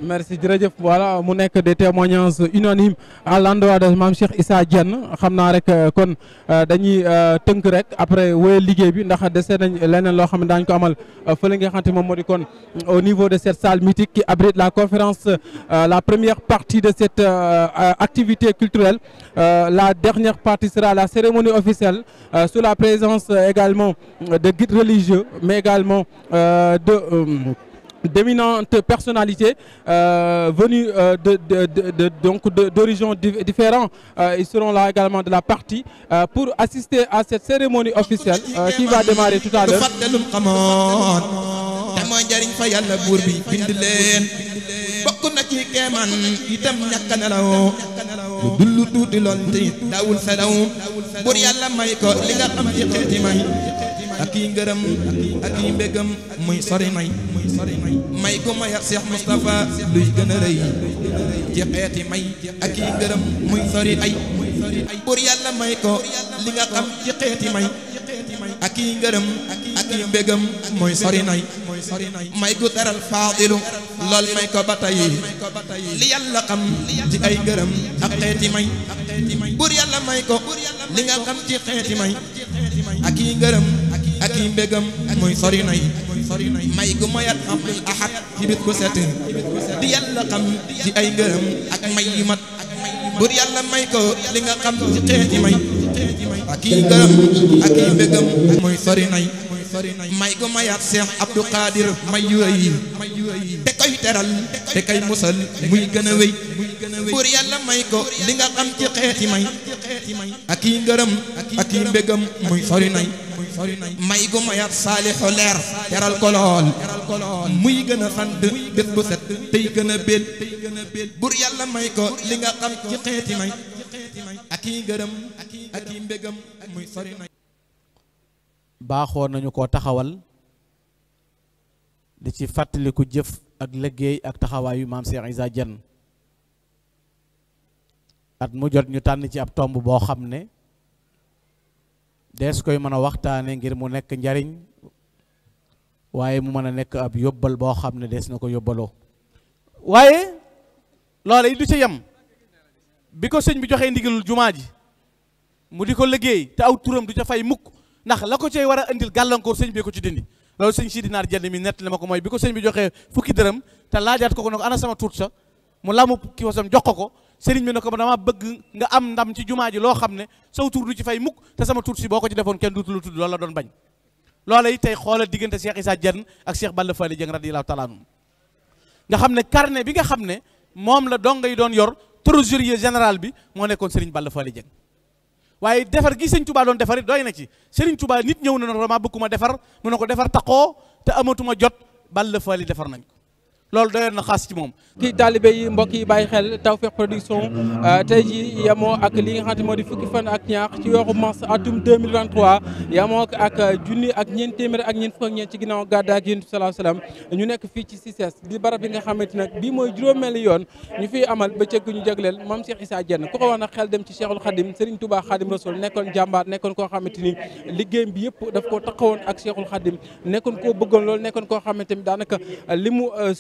S6: merci jërëjëf voilà mu nekk des témoignages unanimes à l'endroit de maam Cheikh Issa Diène xam naa rek euh, kon euh, dañuy euh, tënk rek après wéyal liggéey bi ndax dese nañ leneen loo xam ne daañu ko amal fële nga xamante moom moo di kon au niveau de cette salle mythique qui abrite la conférence la première partie de cette activité culturelle la dernière partie sera la cérémonie officielle sous la présence également de guides religieux mais également de d'éminentes personnalités euh, venues euh, de, de, de, de, donc d'horizons différents. Euh, ils seront là également de la partie euh, pour assister à cette cérémonie officielle
S3: euh, qui va démarrer tout à l'heure. mooy fa yàlla buur bi bind leen bokk na ci keemaan itam ñàkk lu dullu tuuti lool te daawul sa daw buur yàlla ko li nga xam ci xeeti may ak yi ngërëm ak yi mbégam muy sori may may gu mayat Cheikh Moustapha luy gën a rëy ci xeeti may ak yi ngërëm muy sori ay pour may ko li nga xam ci xeeti ak yi ngërëm ak yi mbégam mooy sori nay may gu teral faadilu lool may ko ba tey li yàlla xam ci ay ngërëm ak xeeti may buur yàlla may ko li nga xam ci xeeti may ak yi ngërëm ak i mbégam muy sori nay may gu mayat abdul ahad ci bit bu set di yàlla xam ci ay ngërëm ak may yi mat bur yàlla may ko li nga xam ci xeeti may ak i ngërëm ak i mbégam muy sori nay may gu mayat seex abdu qaadir may yu rëy te koy teral te koy musal muy gën a wéy bur yàlla may ko li nga xam ci xeeti may i may ak i ngërëm ak i mbégam muy sori may gu mayaat saalixu leer teral muy gën a xant bu set tey gën a béet yàlla may ko li nga xam ci xeeti may ak i
S19: ngërëm ak mbégam muy sori nay baaxoon nañu ko taxawal di ci fàttaliku jëf ak liggéey ak taxawaayu maam Cheikh Issa jenn at mu jot ñu tànn ci ab tomb boo xam ne dees koy mën a waxtaane ngir mu nekk njariñ waaye mu mën a nekk ab yóbbal boo xam ne dees na ko yóbbaloo waaye loola it du ca yem bi ko sëñ bi joxee ndigalul jumaa ji mu di ko liggéey te aw turam du ca fay mukk ndax la ko cay war a indil gàllankoor sëñ bi ko ci dindi loolu sëñ si dinaar jënd mi nett la ma ko mooy bi ko sëñ bi joxee fukki dërëm te laajaat ko ko ne ko ana sama tuut sa mu lamu ki wasam jox ko ko sëriñ bi ne ko dama bëgg nga am ndam ci jumaa ji loo xam ne saw tur du ci fay mukk te sama tur si boo ko ci defoon kenn duutu lu tudd loolu la doon bañ loola it tey xoolal diggante Cheikh Issa Dieng ak Cheikh Balla Fally Dieng radiyallahu taala anhu nga xam ne carnet bi nga xam ne moom la donga yi doon yor trésorier général bi moo nekkoon sëriñ Balla Fally Dieng waaye defar gi sëñ tubaa doon defar dooy doy na ci sëriñ tubaa nit ñëw na ne dama bëgguma defar mu ne ko defar taqoo te amatuma jot Balla Fally defar nañ ko loolu doyoon na xaas ci moom kii taalibe yi mbokk yi bàyyi xel Tawfekh Production euh, tey
S6: jii ak li nga xamante moo di fukki fan ak ñaar ci weeru mars atum 2023 ak junni ak ñeent téeméer ak ñeent fukk ak ci ginnaaw gàddaa ak yéen salaahu ñu nekk fii ci CICES di barab bi nga xamante nag bii mooy juróomeeli yoon ñu fi amal ba bëccëg ñu jagleel moom Cheikh Issa Diène ku ko wax nag xel dem ci Cheikhul Khadim Serigne Touba Khadim Rasoul nekkoon jàmbaar nekkoon koo xamante ni liggéeyam bi yëpp daf koo taxawoon ak Cheikhul Khadim nekkoon koo bëggoon loolu nekkoon koo xamante ni daanaka li euh,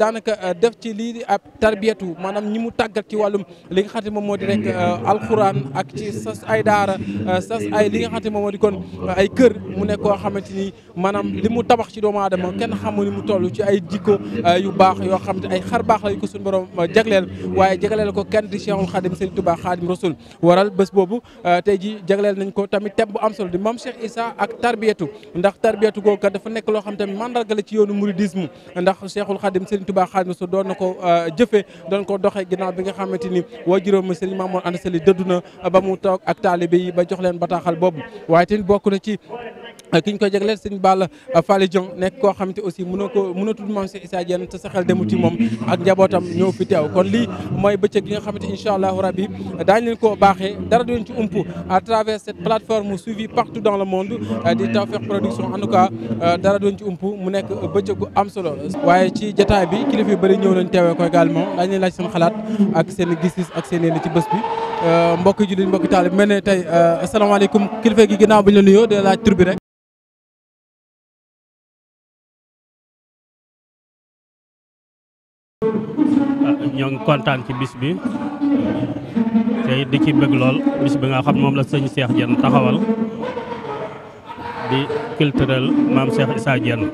S6: daanaka euh, def ci lii di ab tarbiyatu maanaam ñi mu tàggat ci wàllum li nga xam ne moom moo di rek euh, alxuraan ak ci sas ay daara euh, ay li nga xam ne moom moo di kon ay kër mu nekk koo xamante ni maanaam li mu tabax ci doomu aadama kenn xamu ni mu toll ci ay jikko yu baax yoo xam ne ay xar baax la ko suñu borom jagleel waaye jagleel ko kenn di Cheikhul Khadim Serigne Touba Khadim Rasoul waral bés boobu tey ji jagleel nañ ko tamit thème bu am solo di Mame Cheikh Issa ak tarbiyatu ndax tarbiyatu googu dafa nekk loo xam tamit mandarga ci yoonu mouridisme xaadim Serigne Touba xaadim su doon na ko euh, jëfee doon ko doxee ginnaaw bi nga xamante ni waajuram Serigne Mamour Anta Sali dëddu na ba mu toog ak taalibe yi ba jox leen bataaxal boobu waaye tamit bokk na ci ki ñu koy jagleel sëñ Balla Fally Dieng nekk koo xamante aussi mënoo ko mënoo tudd maam si Issa Diène sa xel demu moom ak njabootam ñëw fi teew kon lii mooy bëccëg yi nga xamante incha allahu rabbi daañu leen koo baaxee dara du leen ci ump à travers cette plateforme suivie partout dans le monde euh, di Tawfekh Production en tout euh, dara du ci ump mu nekk bëccëgu am solo waaye ci jataay bi kilifa yu ñëw nañ teewee ko également daañu leen laaj seen xalaat ak seen gis-gis ak seen yéene ci bés bi
S19: euh, mbokki jullit mbokki taalib mel ne tey asalaamaaleykum kilifa gi ginnaaw bi ñu la nuyoo dina laaj
S1: Ah, ñoo ngi kontaan ci bis bi te di ci bëgg lool bis bi nga xam moom la sëñ seex Diène taxawal di culturel maam Cheikh Issa Diène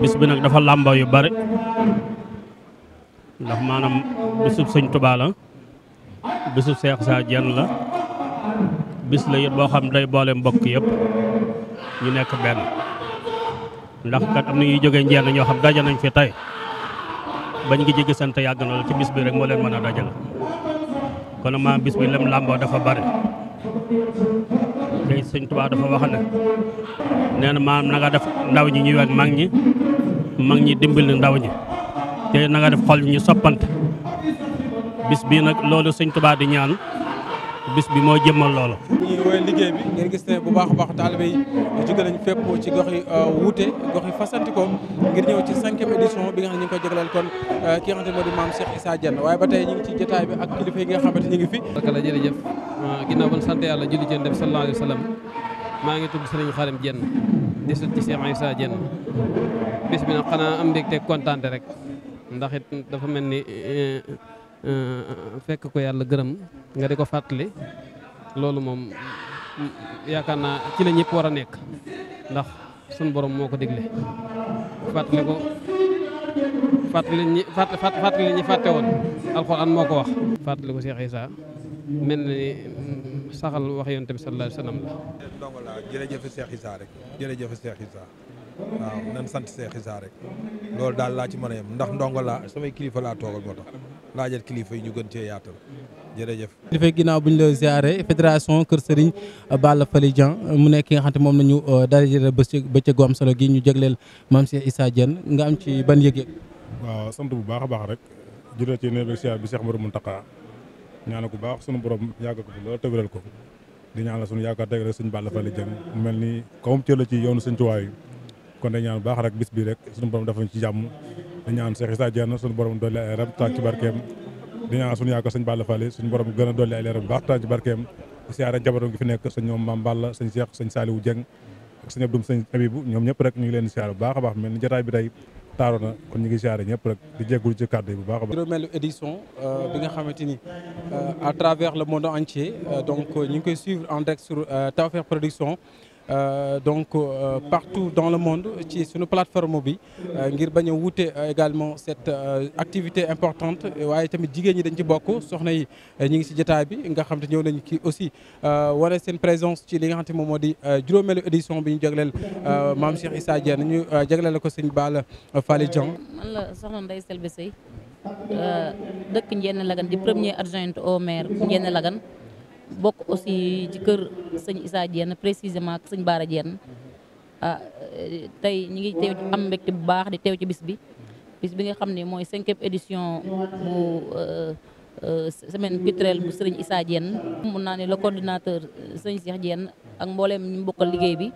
S1: bis bi nag dafa làmboo yu bari ndax maanaam bisub sëñ Touba la bisub Cheikh Issa Diène la bis la yit boo xam day boole mbokk yépp ñu nekk benn ndax kat am na ñuy jóge njeen ñoo xam daje nañ fi tey bañ ngi jéggi sant yàgg na la ci bis bi rek moo leen mën a dajal kon maa bis bi lem làmboo dafa bare tey sëñ Tuubaa dafa wax ne nee na maam na def ndaw ñi ñuy wax mag ñi mag ñi dimbali ndaw ñi te na def xol ñu soppante bis bii nag loolu sëñ di ñaan bis bi moo jëmmal loolu
S6: ñuy woy liggéey bi ngeen gis ne bu baax a baax taalibe yi jóge nañ fépp ci gox yi euh, wuute gox yi fasantikoo ngir ñëw ci cinquième édition bi nga xam ne ñu ngi ko jagleel kon euh, ki waaye ba tey ñu ngi yi nga xamante ñu ngi fi barkala jërëjëf euh, ginnaaw ban sant yàlla julli jën def sallallahu alayhi wa sallam maa
S11: ngi tudd Serigne Khadim Diène di sët ci saa Issa bis bi nag xanaa am te
S1: kontaante rek ndax it dafa mel ni Euh, fekk ko yàlla gërëm nga di ko fàttali loolu moom yaakaar naa ci la ñëpp war a nekk ndax sun borom moo ko digle
S14: fàttali ko
S20: fàttali ñi fàttali ñi fàtte woon alxuraan moo ko wax
S1: fàttali ko
S6: Cheikh Issa mel na ni mm, saxal wax yonent bi sallallahu alayhi wa sallam
S15: la jërëjëf Cheikh Issa rek jërëjëf Cheikh waaw nan sant Seex Isaa rek loolu daal laa ci mën a yem ndax ndongo laa samay kilifa laa toogal moo tax laajal kilifa yi ñu gën cee yaatal
S5: jërëjëf.
S6: kilifa ginnaaw bu ñu la ziare fédération Kër Serigne Balla Fally Dieng mu nekk ki nga xam ne moom nañu euh, dara jël bëccëgu am solo gi ñu jagleel maam Seex Isaa Dieng nga am ci ban yëg-yëg.
S15: waaw sant bu baax a baax rek jërëjëf ci nawet bi ziar bi Seex Muru Muntaxa ñaanal ko baax sunu borom yàggal ko fi loolu tëgëral ko di ñaanal sunu yaakaar teg suñu sëñ mu mel ni kawam cër ci yoonu sëñ Tuubaa kon dañ ñaan baax rek bis bi rek suñu borom defuñ ci jàmm dañ ñaan Cheikh Issa Diène suñu borom dolli ay leeram taal ci barkeem di ñaan suñu yaakaar sëñ Balla Fall suñu borom gën a dolli ay leeram baax taal ci barkeem siyaare jabaroom gi fi nekk sëñ ñoom Mame Balla sëñ Cheikh sëñ Saliou Dieng ak sëñ Abdou sëñ Abibou ñoom ñëpp rek ñu leen siyaare bu baax a baax mel ni jotaay bi kon ñu ngi siyaare ñëpp rek di jéggul ci kàddu yi bu baax a baax
S6: juróomeelu édition euh, bi nga xamante euh, à travers le monde entier euh, donc ñu ngi Euh, donc euh, partout dans le monde ci suñu plateforme bi euh, ngir bañ a wuute également cette activité importante waaye tamit jigéen ñi dañ ci bokk soxna yi ñu ngi si jotaay bi nga xam te ñëw nañu kii aussi wane seen présence ci li nga xam te moom moo di juróomeelu édition bi ñu jagleel maam Cheikh Issa nañu ñu jagleel ko sëñ Balla Fally Dieng.
S16: man la soxna Ndeye Selbé Seye dëkk Ndiéné Lagane di premier adjoint au maire Ndiéné lagan bokk aussi ci kër sëñ Issa Diène précisément ak sëñ Baara Diène ah tey ñi ngi teew am mbégte bu baax di teew ci bis bi bis bi nga xam ne mooy cinquième édition bu euh, euh, semaine culturelle bu sëriñ Issa Diène mun naa ne le coordinateur euh, sëñ Cheikh Diène ak mbooleem mbokk bokkal liggéey bi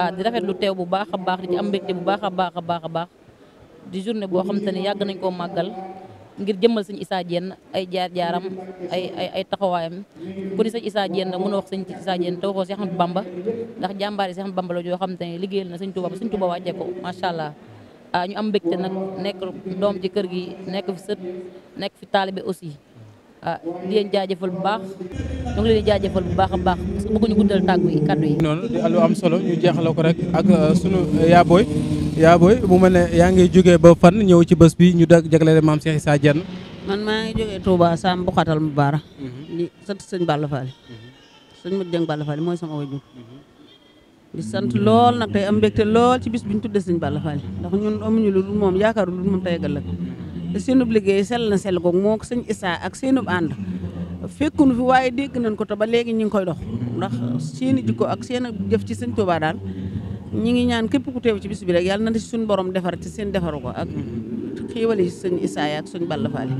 S16: ah di rafet lu tew bu baax a baax di ci am mbégte bu baax a baax a baax a baax di journée boo xam te ne yàgg nañ koo màggal ngir jëmmal sëñ Issa Diène ay jaar-jaaram ay ay ay taxawaayam ku ni sëñ Issa Diène nag a wax sëñ Issa Diène te waxoo Seex Ahmadu Bamba ndax jàmbaari Seex Ahmadu Bamba la joo xam te ne na sëñ Touba ba sëñ Touba wàccee ko allah ah, ñu am mbégte nag nekk doom ci kër gi nekk fi sët nekk fi taalibe aussi ah di leen jaajëfal bu baax ñu ngi leen di jaajëfal bu baax a baax bëgguñu guddal tàggu yi kaddu yi. noonu di lu am solo ñu jeexaloo
S6: ko rek ak euh, sunu euh, yaaboy yaa booy mu mel ne yaa ngi jógee ba fan ñëw ci bës bi ñu jagleel maam Cheikh Issa Diène
S7: man maa ngi jógee Touba Sam bu xatal mu baara mhm. sant sëñ Balla Fall mhm. sëñ Modou Dieng mooy sama wajur mhm. di sant lool nag tey am mbégte lool ci bis bi ñu tuddee sëñ Balla Fall ndax ñun amuñu lu dul moom yaakaar lu dul moom tey ëllëg te seenub liggéey sell na sell googu moo ko sëñ Issa ak seenub ànd fekkunu fi waaye dégg nañ ko te ba léegi ñu ngi koy dox ndax seeni jikko ak seen ci sëñ Touba ñi ngi ñaan képp ku teew ci bis bi rek yàlla na ci suñu borom defar ci seen defaru ko ak xiiwali sëñ Issa ak sëñ Balla Fall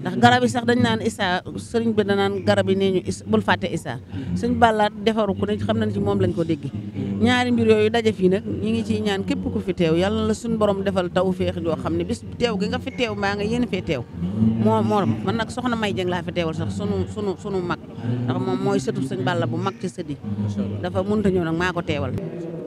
S7: ndax garab yi sax dañ naan Issa sëriñ bi naan garab yi nee ñu issa bul fàtte Issa suñ bàllaat defaru ko ne xam nañ ci moom lañ ko dégge ñaari mbir yooyu daje fii nag ñi ngi ciy ñaan képp ku fi teew yàlla la suñ borom defal taw féex yoo xam ne bis teew gi nga fi teew mbaa nga yéen fee teew moo moom man nag soxna May Jeng laa fi teewal sax sunu sunu sunu mag ndax moom mooy sëtu sëñ Bàlla bu mag ci sët yi dafa mënta ñëw nag maa ko teewal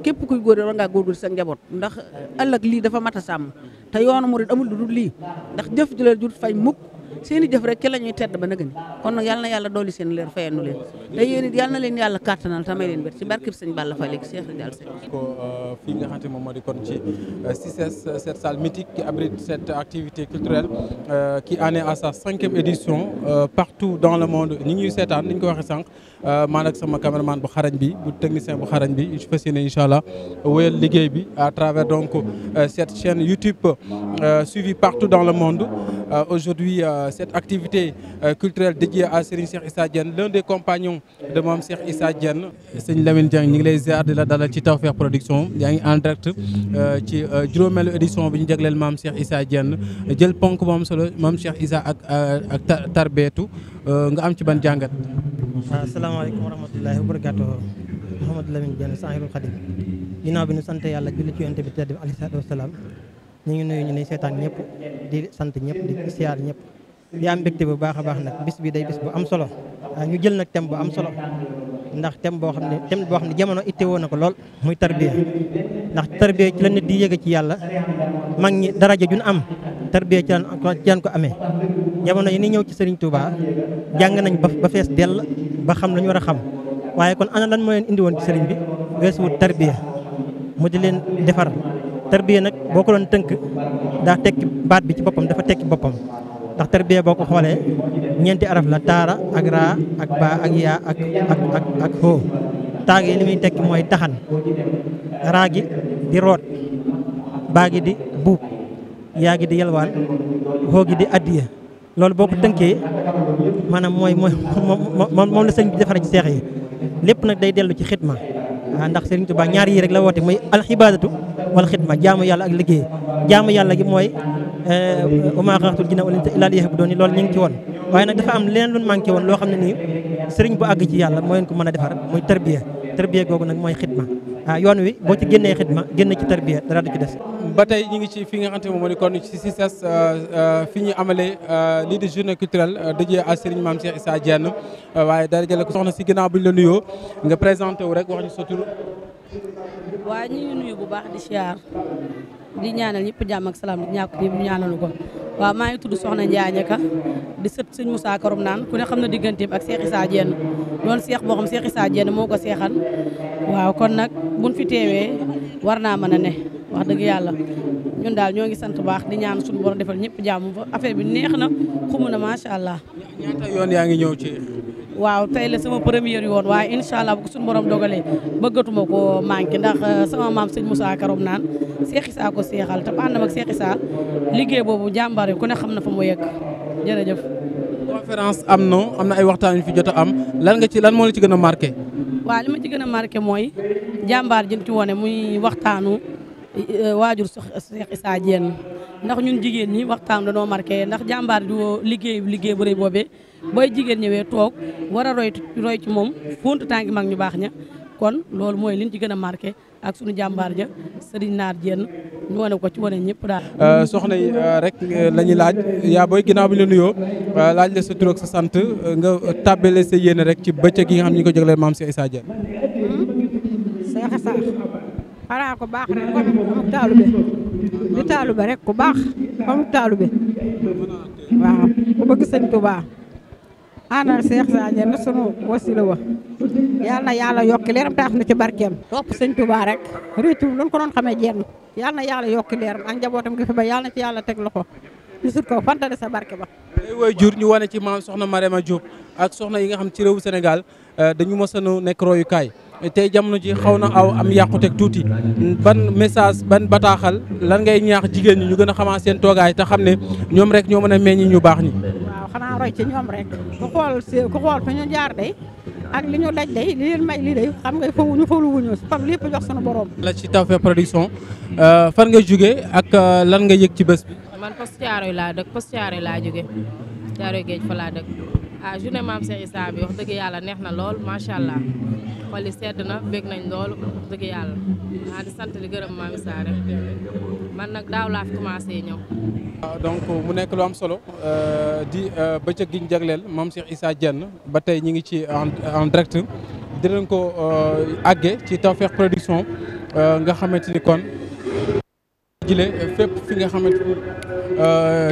S7: képp kuy góor war ngaa góorgóorlu njaboot ndax ëllëg lii dafa mat a sàmm te yoonu murid amul lu lii ndax jëf la jur fay mukk seen i jëf rek ci la ñuy tedd ba nag ni kon nag yal na yàlla dooli seen leer fayanu leen leen yàlla kàttanal tamay leen bet ci barkib sëñ Balla
S6: Fall ak Cheikh Ndial Seck ko euh, fii nga xamante moom moo di kon ci CICES euh, cette salle mythique qui abrite cette activité culturelle euh, qui en est à sa cinquième édition partout dans le monde ñi ñuy seetaan ni ñu ko waxee sànq maan ak sama caméraman bu xarañ bi bu technicien bu xarañ bi je fas yéene incha allah wéyal bi à travers donc cette chaîne YouTube cette activité euh, culturelle dédiée à Serigne Cheikh Issa Diène l'un des compagnons de Mame Cheikh Issa Diène sëñ Lamine Dieng ñi ngi lay ziar di la dalal ci Tawfekh Production yaa ngi en direct euh, ci euh, juróomeelu édition bi ñu jagleel Mame Cheikh Issa Diène jël ponk bu am solo Mame Cheikh Issa ak ak tarbeetu nga
S4: am ci ban jàngat waaw asalaamaaleykum wa rahmatullahi wa barakatuh Mouhamadou Lamine Diène Sahirul Khadim bi ñu sant yàlla julli ci yonent bi tedd bi ñu ngi nuyu ne seetaan ñëpp di sant ñëpp di ñëpp di am mbégte bu baax a baax nag bis bi day bis bu am solo ah, ñu jël nag thème bu am solo ndax thème boo xam ne thème boo xam ne jamono ittewoo na ko lool muy tarbiya ndax tarbiya ci la nit di yëge ci yàlla mag ñi daraja ju nu am tarbiya ci lan ko amee jamono yi ni ñëw ci Serigne Touba jàng nañ ba fees dell ba xam la war a xam waaye kon ana lan moo leen indi woon ci Serigne bi weesuwut tarbiya mu di leen defar tarbiya nag boo ko doon tënk daa tekki baat bi ci boppam dafa tekki boppam ndax tarbiya boo ko xoolee ñeenti araf la taara ak raa ak baa ak yaa ak ak ak ak xoo taa li muy tekki mooy taxan raa gi di root baa gi di buub yaa gi di yalwaan xoo gi di addiya loolu boo ko tënkee maanaam mooy mooy moom la sëñ bi defaree ci seex yi lépp nag day dellu ci xitma ndax Serigne ba ñaar yi rek la woote mooy alxibaadatu wal xidma jaamu yàlla ak liggéey jaamu yàlla gi mooy uma eh, xaxtul jinna wala illa li yahbu dooni loolu ñu ngi ci woon waaye nag dafa am leen lu manqué woon loo xam ne nii sëriñ bu àgg ci yàlla moo leen ko mën a defar muy tarbiya tarbiya googu nag mooy xidma ah yoon wi boo ci génnee xidma génn ci tarbiya dara du ci des. ba tey ñu ngi ci
S6: fi nga xam ne moom la kon ci CICES euh, euh, fi ñu amalee euh, lii di journée culturelle dédiée à Serigne Mame Cheikh Issa Diène waaye dara jëlee ko soxna si ginnaaw bu ñu la nuyoo nga présenté wu rek wax ñu sa tur.
S17: waa ñu ngi nuyu bu baax di siyaar di ñaanal ñëpp jàmm ak salaam di ñàkk di ñaanalu ko waaw maa ngi tudd Soxna Njaaña Ka di sët sëñ Moussa Karom naan ku ne xam na digganteem ak Cheikh Issa Diène doon seex boo xam Cheikh Issa moo ko seexan waaw kon nag buñ fi teewee war naa man a ne wax dëgg yàlla ñun daal ñoo ngi sant baax di ñaan suñu borom defal ñëpp jàmm affaire bi neex na xumu na macha allah.
S6: ñaata yaa ngi ñëw
S17: waaw tey la sama première yoon waaye incha allah bu ko suñu borom dogalee bëggatuma ko manqué ndax euh, sama maam sëñ Moussa Karom naan Cheikh Issa ko seexal te àndam ak Cheikh Issa liggéey boobu jàmbaar yi ku ne xam na fa mu yegg jërëjëf.
S6: conférence am na am na ay waxtaan yu fi jot am lan nga ci lan moo la ci gën a marqué.
S17: waaw li ma ci gën a marqué mooy jàmbaar jën ci wone muy waxtaanu euh, waajur Cheikh Issa Diène ndax ñun jigéen ñi waxtaan danoo marqué ndax jàmbaar du liggéey liggéey bu rëy booy jigéen ñëwee toog war a roy roy ci moom fontu tànki mag ñu baax ña kon loolu mooy liñ ci gën a marqué ak suñu jàmbaar ja sëriñ naar jéen ñu wane ko ci wane ñëpp daal. Euh, soxna yi euh, rek
S6: euh, la laaj yaa booy ginnaaw bi ñu la nuyoo laaj la sa tur sa sant nga tàbbale sa yéene rek ci bëccëg yi nga xam ñu ko jagleel maam si Issa Diène.
S4: Cheikh Issa ko baax rek taalu mu taalube di taalube rek ku baax taalu taalube waaw ku bëgg sëñ Tuubaa maanaam Cheikh Sadio na sunu wasila wa yal na yàlla yokk leeram taas na ci barkeem topp sëñ Touba rek réccu lu ko doon xamee jenn yal na yàlla yokk leeram ak njabootam gi fi ba yal na ci yàlla teg loxo ñu sut ko fantale sa barke ba
S6: léegi way jur ñu wane ci maam soxna Marema Diop ak soxna yi nga xam ci réewu Sénégal eh, dañu mos a nekk royukaay tey jamono ji xaw na aw am yàquteg tuuti fan message ban bataaxal lan ngay ñaax jigéen ñi ñu gën a xamaa seen toogaay te xam ne ñoom rek ñoo mën a meññ ñu baax ñi.
S4: waaw xanaa roy ci ñoom rek ku xool fi ñu jaar day ak li ñu daj day li leen may li day xam nga foofu ñu fóolu wuñu fam lépp jox sunu borom.
S6: la ci Tawfekh Production euh, fan nga jógee ak euh, lan nga yëg ci bés
S16: bi. man Poste Thiaroye laa dëkk Poste Thiaroye laa jógee Thiaroye Géej fa laa dëkk ah journée maam yàlla neex na lool macha allah xol sedd na bég nañ loolu dëgg yàlla waa di sant li gërëm Mamy Sarr man nag daaw laa fi commencé ñëw.
S6: Ah, donc mu nekk lu am solo euh, di euh, bëccëg gi ñu jagleel moom Cheikh Issa Diène ba tey ñu ngi ci en direct di leen ko euh, àgge ci Tawfekh Production nga xamante ni kon jile fépp fi nga xamante ni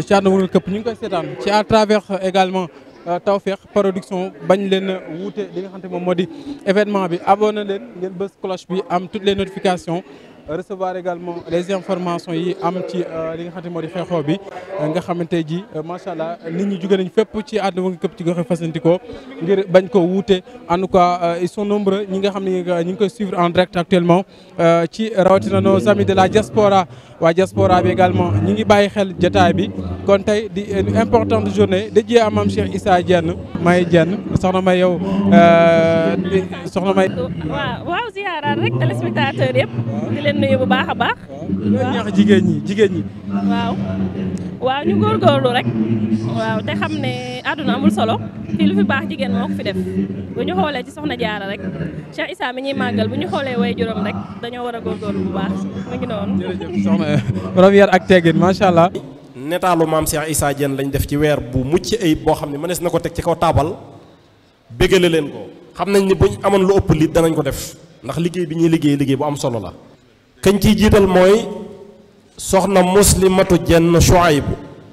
S13: caat na wërul këpp ñu ngi koy seetaan ci
S6: à travers également Euh, Tawfekh production bañ leen a wuute li nga xam te moom moo di événement bi abonné leen ngeen bës cloche bi am toutes les notifications recevoir également les informations yi am ci euh, li nga xam te moo di xeexoo bi euh, nga xamante ji macha allah nit ñi jóge nañ fépp ci àdduna nga këpp ci goxe fasantikoo ngir bañ ko wuute en tout cas ils sont nombreux ñi nga xam ne ñu ngi koy suivre en direct actuellement ci rawatina nos amis de la diaspora waa diaspora bi également ñi ngi bàyyi xel jotaay bi kon tey di une importante journée dédiée à Mame Cheikh Issa Diène May Diène soxna May yow euh, soxna May. waaw
S16: waaw ziaraat rek téléspectateur yëpp di leen nuyu bu baax a baax.
S11: waaw ñaax jigéen ñi jigéen ñi.
S16: waaw waaw ñu góorgóorlu rek waaw te xam ne àdduna amul
S11: solo fii lu
S16: fi baax jigéen moo ko fi def bu ñu xoolee ci soxna jaara rek Cheikh Issa mi ñuy màggal bu ñu xoolee way juróom rek dañoo war a góorgóorlu
S11: première euh, ak teggin macha allah. netaalu maam Cheikh Issa Diène lañ def ci weer bu mucc ayib boo xam ne mënees na ko teg ci kaw taabal bégale leen ko xam nañ ni buñ amoon lu ëpp lii danañ ko def ndax liggéey bi ñuy liggéey liggéey bu am solo la. kañ ciy jiital mooy soxna muslimatu jenn Chouaib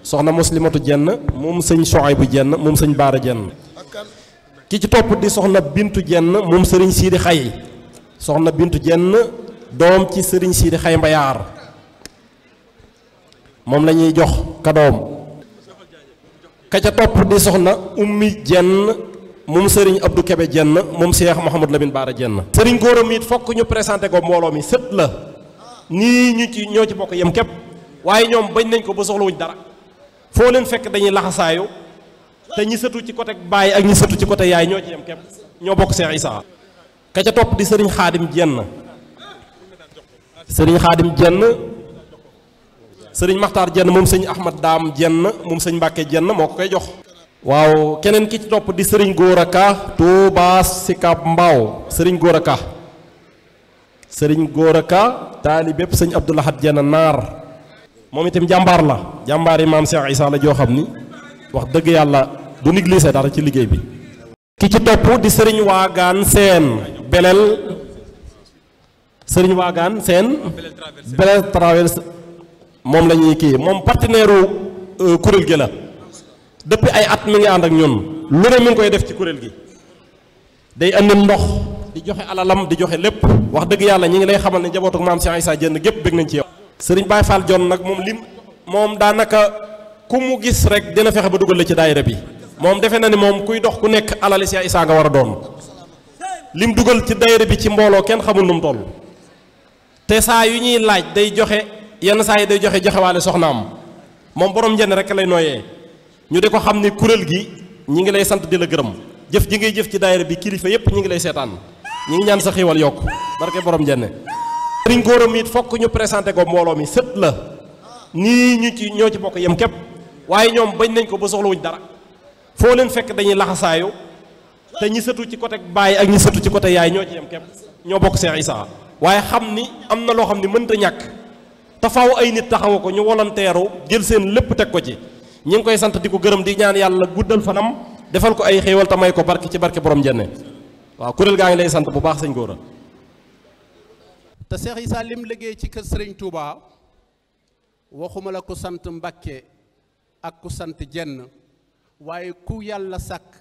S11: soxna muslimatu jenn moom sëñ soo bu jenn moom sëñ Baara jenn ki ci topp di soxna bintu jenn moom sëriñ Siidi Xay soxna bintu jenn doom ci sëriñ Siidi Xay Mbayaar. moom lañuy jox kadoom ka ca topp di soxna ummi jenn moom sëriñ Abdou Kebe jenn moom Cheikh Mouhamadou Lamine Baara jenn sëriñ góoram it fokk ñu présenté ko mbooloo mi sët la nii ñu ci ñoo ci bokk yem képp waaye ñoom bañ nañ ko ba soxlawuñ dara foo leen fekk dañuy laxasaayu te ñi sëtu ci côté baay ak ñi sëtu ci côté yaay ñoo ci yem képp ñoo bokk Cheikh Issa ka ca topp di sëriñ xaadim jenn sëriñ xaadim jenn sëriñ maxtaar jenn moom sëñ ahmad daam jenn moom sëñ mbàkke jenn moo ko koy jox waaw keneen ki ci topp di sëriñ góor a ka tuubaa sikab mbaaw sëriñ góor a ka sëriñ góor a ka sëñ abdoulahat jenn naar moom itam jàmbaar la jàmbaar yi maam Cheikh Issa la joo xam ni wax dëgg yàlla du négliger dara ci liggéey bi ki ci topp di sëriñ waagaan seen beleel sëriñ waagaan seen beleel traverse moom la ñuy kii moom partenaire u euh, kuréel gi la depuis ay at mi ngi ànd ak ñun lu ne mi ngi koy def ci kuréel gi day andi ndox di joxe alalam di joxe lépp wax dëgg yàlla ñi ngi lay xamal ne njabootu maam Cheikh saa jënd gépp bëgg nañ ci yow. sëriñ Baye Fall Dione nag moom lim moom daanaka ku mu gis rek dina fexe ba dugal la ci daayira bi moom defe na ni moom kuy dox ku nekk alali ay Issa nga war a doon lim dugal ci daayira bi ci mbooloo kenn xamul nu mu joxe. yenn saa yi day joxe joxewaale soxnaam moom borom njënd rek lay nooyee ñu de ko xam ni kuréel gi ñu ngi lay sant di la gërëm jëf ji ngay jëf ci daayira bi kilifa yépp ñu ngi lay seetaan ñu ngi ñaan sa xiiwal yokk barke borom njënd sëriñ góoram it fokk ñu présenté ko mbooloo mi sët la nii ñu ci ñoo ci bokk yem képp waaye ñoom bañ nañ ko ba soxlawuñ dara foo leen fekk dañuy laxasaayu te ñi sëtu ci côté bàyyi ak ñu sëtu ci côté yaay ñoo ci yem képp ñoo bokk Cheikh Issa waaye xam ni am na loo xam ni mënta ñàkk te ay nit taxawu ko ñu volontaire jël seen lépp teg ko ci ñi ngi koy sant di ko gërëm di ñaan yàlla guddal fanam defal ko ay xéewal te may ko barke ci barke borom jenne waaw kuréel gaa ngi lay sant bu baax sëñ Gora
S20: te Seex saa lim liggéey ci kër Sëriñ Touba waxuma la ku sant Mbàkke ak ku sant jenn waaye ku yàlla sàkk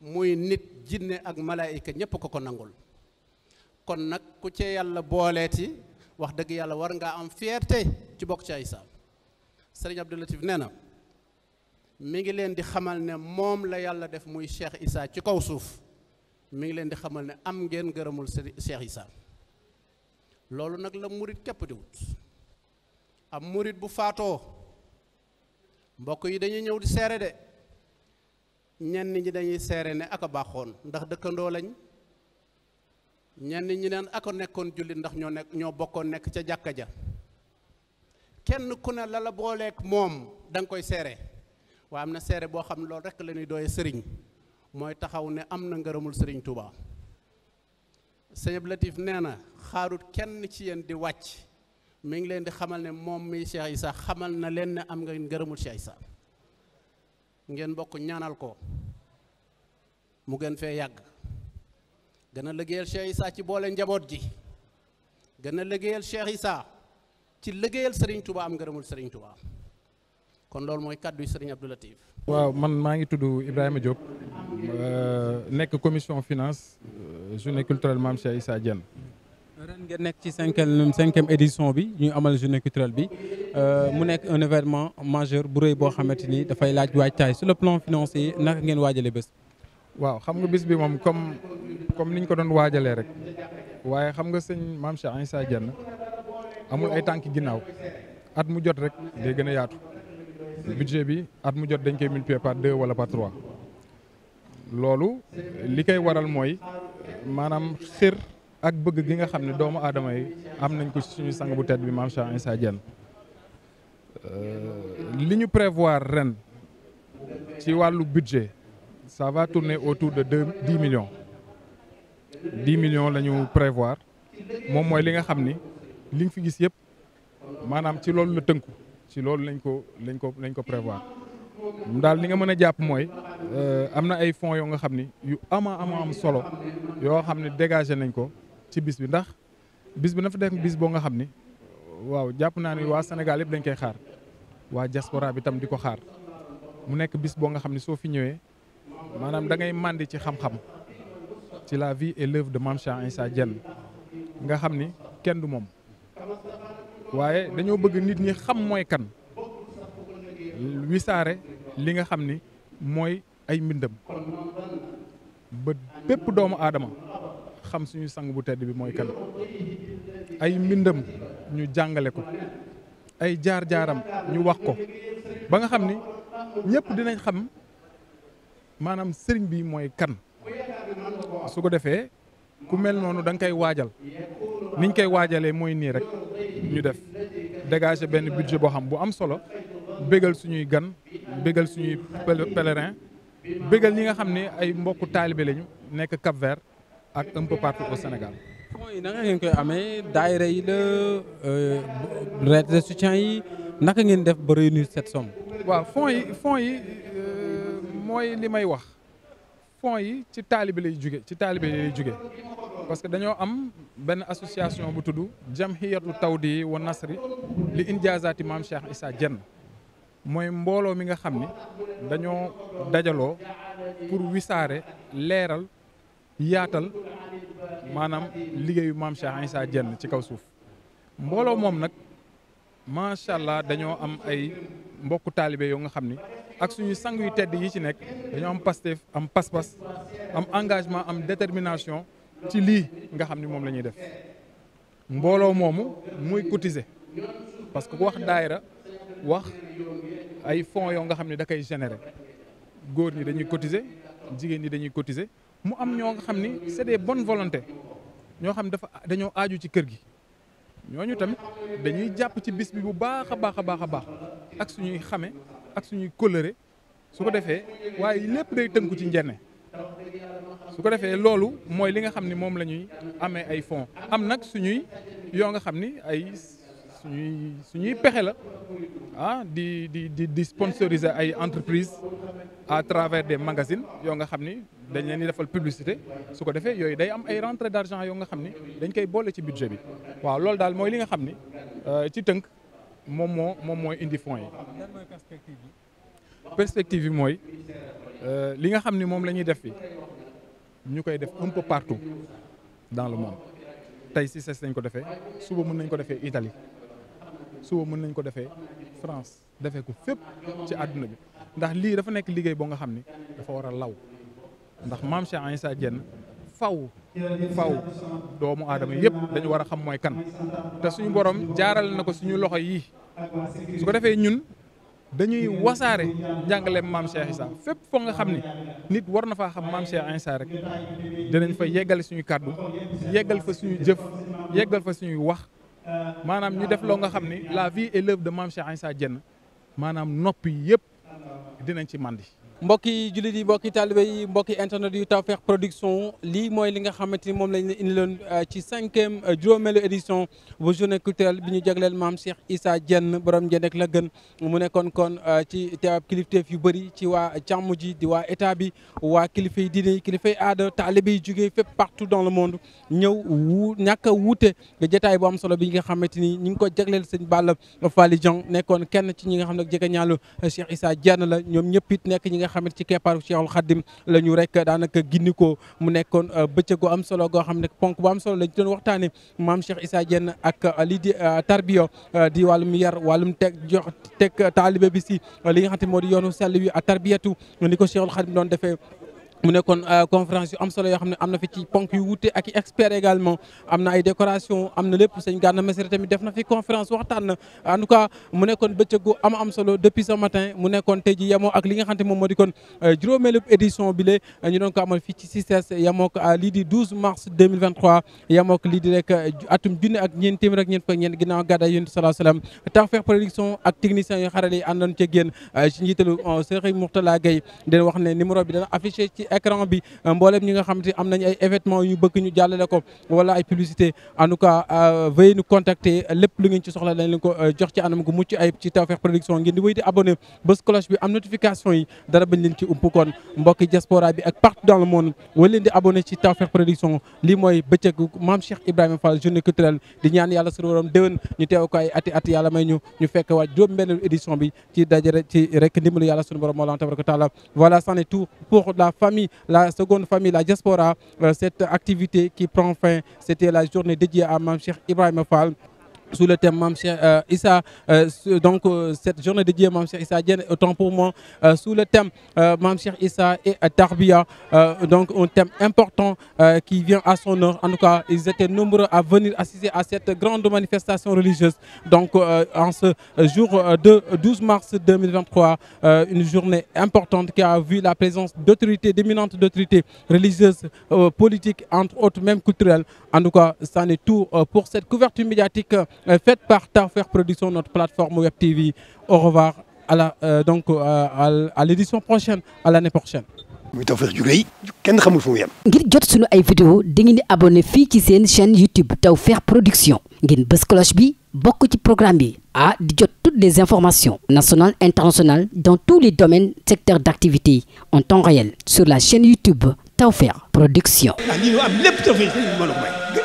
S20: muy nit jinne ak malaayika ñépp ko ko nangul kon nag ku ci yàlla booleeti wax dëgg yàlla war ngaa am fierté ci bokk ci ay saam sëriñ Abdou Latif nee na mi ngi leen di xamal ne moom la yàlla def muy Cheikh Issa ci kaw suuf mi ngi leen di xamal ne am ngeen gërëmul Cheikh Issa loolu nag la murit kepp di am murit bu faatoo mbokk yi dañuy ñëw di seere de ñenn ñi dañuy seere ne aka baaxoon ndax dëkkandoo lañ ñenn ñi neen ako nekkoon jullit ndax ñoo nekk ñoo bokkoon nekk ca jàkka ja kenn ku ne la booleek moom danga koy seere waa am na seere boo xam ne loolu rekk la ñuy dooye sëriñ mooy taxaw ne am na ngërëmul sëriñ Touba sëñ Latif nee na xaarut kenn ci yéen di wàcc mi ngi leen di xamal ne moom mi Cheikh Issa xamal na leen ne am nga ngërëmul Cheikh sax ngeen bokk ñaanal ko mu gën fee yàgg gën a liggéeyal Cheikh saa ci boole njaboot ji gën a liggéeyal Cheikh Issa ci liggéeyal Serigne Touba am ngërëmul Serigne Touba kon loolu mooy kàddu yi Serigne Abdou Latif
S15: waaw man maa ngi tudd Ibrahima jóg euh, nekk commission finance euh, journée culturelle Mame Cheikh Issa Diène.
S20: ren
S6: ngeen nekk ci cinquième cinquième édition bi ñu amal journée culturelle bi euh, mu nekk un événement majeur bu rëy boo xamante ni dafay laaj waajtaay sur la plan financier naka ngeen waajalee bés.
S15: waaw xam nga bis bi moom comme comme niñ ko doon waajalee rek waaye xam nga sëñ maam Cheikh Issa Diène amul ay tànk ginnaaw at mu jot rek day gën a yaatu budget bi at mu jot dañ koy multiplier par deux wala par loolu li koy waral mooy maanaam xir ak bëgg gi nga xam ne doomu aadama yi am nañ ko suñu sang bu tedd bi maam Cheikh Issa Diène
S16: euh,
S15: li ñu prévoir ren ci wàllu budget sava va tourner autour de deux dix millions dix millions la ñu prévoir moom mooy li nga xam ni li nga fi gis yëpp maanaam ci loolu la tënku ci loolu lañ ko lañ ko lañ ko prévoir daal li nga mën a jàpp mooy euh, am na ay fonds yoo nga xam ni yu amaa ama am solo yoo xam ne dégagé nañ ko ci bis bi ndax bis bi na fa def bis boo nga xam ni waaw jàpp naa ni waa Sénégal yëpp dañ koy xaar waa diaspora bi tam di ko xaar mu nekk bis boo nga xam ne soo fi ñëwee maanaam da ngay màndi ci xam-xam ci la vie et de Mame Cheikh Issa Diène nga xam ni kenn du moom waaye dañoo bëgg nit ñi xam mooy kan wisaare li nga xam ni mooy ay mbindam ba bépp doomu aadama xam suñu sang bu tedd bi mooy kan ay mbindam ñu jàngale ko ay jaar-jaaram ñu wax ko ba nga xam ni ñëpp dinañ xam maanaam sëriñ bi mooy kan su ko defee ku mel noonu da nga koy waajal niñ koy waajalee mooy nii rek ñu def dégager benn budget boo xam bu am solo bégal suñuy gan bégal suñuy pèlerin bégal ñi nga xam ne ay mbokku taalibe lañu nekk Cap Vert ak un peu partout Sénégal. fonds yi naka ngeen koy amee
S6: daayira yi la lettre euh, de soutien yi naka ngeen def ba réunir cette
S15: waaw fonds yi fonds yi. mooy li may wax fonds yi ci taalibe lay jóge ci taalibe lay jóge parce que dañoo am benn association bu tudd jamhiyatu tawdi wa nasri li injaazaati maam Cheikh Issa Dieng mooy mbooloo mi nga xam ni dañoo dajaloo pour wisaare leeral yaatal maanaam liggéeyu maam Cheikh Issa Dieng ci kaw suuf mbooloo moom nag macha allah dañoo am ay mbokku taalibe yow nga xam ni ak suñuy sang yu tedd yi ci nekk dañoo am Pastef am pas-pas am engagement am détermination ci lii nga xam ni moom la ñuy def mbooloo moomu muy cotiser parce que ku wax daayira wax ay fonds yoo nga xam ne da koy générer góor ñi dañuy cotiser jigéen ñi dañuy cotiser mu am ñoo nga xam ni c'est des bonnes volontés ñoo xam dafa dañoo aaju ci kër gi ñooñu tamit dañuy jàpp ci bis bi bu baax a baax a baax a baax ak suñuy xame ak suñuy kóllëre su ko defee waaye lépp day tënku ci njenne su ko defee loolu mooy li nga xam ni moom la ñuy amee ay fonds am nag suñuy yoo nga xam ni ay suñuy suñuy pexe la ah di di di di sponsoriser ay entreprises à travers des magazines yoo nga xam ni dañ leen di defal publicité su ko defee yooyu day am ay rentrée d'argent yoo nga xam ni dañ koy boole ci budget bi waaw loolu daal mooy li nga xam ni euh, ci tënk. moom moo moom mooy indi fonds yi. perspective bi mooy euh, li nga xam ni moom la ñuy def fi ñu koy def un peu partout dans le monde tey si CES lañ ko defee suba mën nañ ko defee Italie suba mën nañ ko defee France defee ko fépp ci àdduna bi ndax lii dafa nekk liggéey boo nga xam ni dafa war a law ndax maam Cheikh sa Diène faw faw doomu aadama yëpp dañu war a xam mooy kan te suñu borom jaaral na ko suñu loxo yi su ko defee ñun dañuy wasaare jàngaleem maam Cheikh Issa fépp foo nga xam ni nit war na faa xam maam Cheikh Issa rek dinañ fa yeggale suñu kàddu yeggal fa suñu jëf yeggal fa suñuy wax maanaam ñu def loo nga xam ni la vie et de maam Cheikh Issa Diène maanaam noppi yëpp dinañ ci màndi mbokki jullit yi mbokki taalibe yi mbokki internet
S6: yu Tawfekh Production lii mooy li nga xamante ni moom lañu leen indiloon euh, ci cinquième euh, juróomeelu édition bu journée culturelle bi ñu jagleel maam Cheikh Issa Diène boroom Diène la gën mu nekkoon kon euh, ci teewaab kilifteef yu bëri ci waa càmm ji di waa état bi waa kilifa yi diine kilifa yi aada taalibe yi jógee fépp partout dans le monde ñëw wu ñàkk a wuute jotaay bu am solo bi nga xamante ni ñu ngi ko jagleel sëñ Balla Fally Dieng nekkoon kenn ci ñi nga xam ne jege ñaalu Cheikh Issa Diène la ñoom ñëpp xamit ci keppaaru Cheikhul Khadim la ñu rek daanaka gindi ko mu nekkoon euh, bëccëgu am solo goo xam ne ponk boo am solo lañ doon waxtaane maam Cheikh Issa Diène ak euh, lii di euh, tarbiyo di wàllum yar wàllum teg jox teg taalibe bi si li nga xam te moo di yoonu sell wi a tarbiyatu ni ko Cheikhul Khadim doon defee mu nekkoon euh, conférence yu am solo yoo xam ne am na fi ci ponk ak i experts également am na ay décoration am na lépp sëñ Gana Messere tamit def fi conférence waxtaan na en tout cas mu nekkoon bëccëgu am depuis ce matin mu nekkoon tey ak li nga di kon euh, juróomeelu édition bi ñu doon ko amal fii ci CICES yemoo ko euh, mars 2023 yemoo ko rek atum junne ak ñeent téeméer ak ñeent fukk ak ñeent ginnaaw gàddaay yonent salaa salaam ak techniciens yu xarale yi àndoon écran bi euh, mboolem ñi nga xam te am nañ ay événements ñu bëgg ñu jàllale ko wala ay publicité en tout cas euh, lépp lu ngeen ci soxla dañ leen ko euh, jox ci anam gu mucc ayib ci Tawfekh Production ngeen di wéy di abonné bés cloche bi am notification yi dara bañ leen ci kon mbokki diaspora ak partout dans le monde wala di abonné ci Tawfekh Production lii mooy bëccëgu Maam Cheikh Ibrahima Fall journée culturelle di ñaan yàlla suñu borom ñu teew ko ay ati bi ci dajare la tabaraka famille, la seconde famille, la diaspora, euh, cette activité qui prend fin. C'était la journée dédiée à Mamcher Ibrahim Fall. sous le thème Mam euh, Issa euh, donc euh, cette journée dédiée Mam Issa Diène autant pour moi le thème Mam Issa et Tarbiya donc un thème important qui vient à son en tout cas ils étaient nombreux à venir à cette grande manifestation religieuse donc en ce jour de 12 mars 2023 une journée importante qui a vu la présence d'autorités d'éminentes autorités religieuses politiques entre autres même culturelles en tout cas ça en pour cette couverture médiatique Euh, faite par Tawfekh Production, notre plateforme Web TV. Au revoir à la euh, euh à l'édition prochaine à l'année prochaine.
S9: muy Tawfekh ju rëy
S6: kenn
S17: xamul fu mu yem. ngir jot sunu ay vidéo dangeen di abonné fii ci seen chaîne YouTube Tawfekh Production ngeen bës cloche bi bokk ci programme bi ah di jot toutes les informations nationales internationales dans tous les domaines secteurs d'activité en temps réel sur la chaine YouTube
S9: Tawfekh Production. ah lii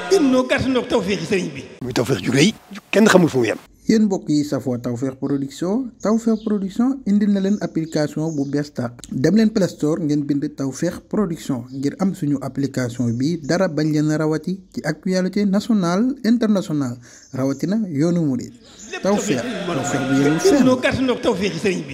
S9: gën ñoo gàtt ñoo ak yi kenn xamul fu mu yéen mbokk yi safoo Tawfekh Production Tawfekh Production indil na leen application bu bees tàq dem leen Play Store ngeen bind Tawfekh Production
S4: ngir am suñu application bi dara bañ leen rawati ci actualité nationale internationale
S13: rawatina yoonu murid Tawfekh
S1: Tawfekh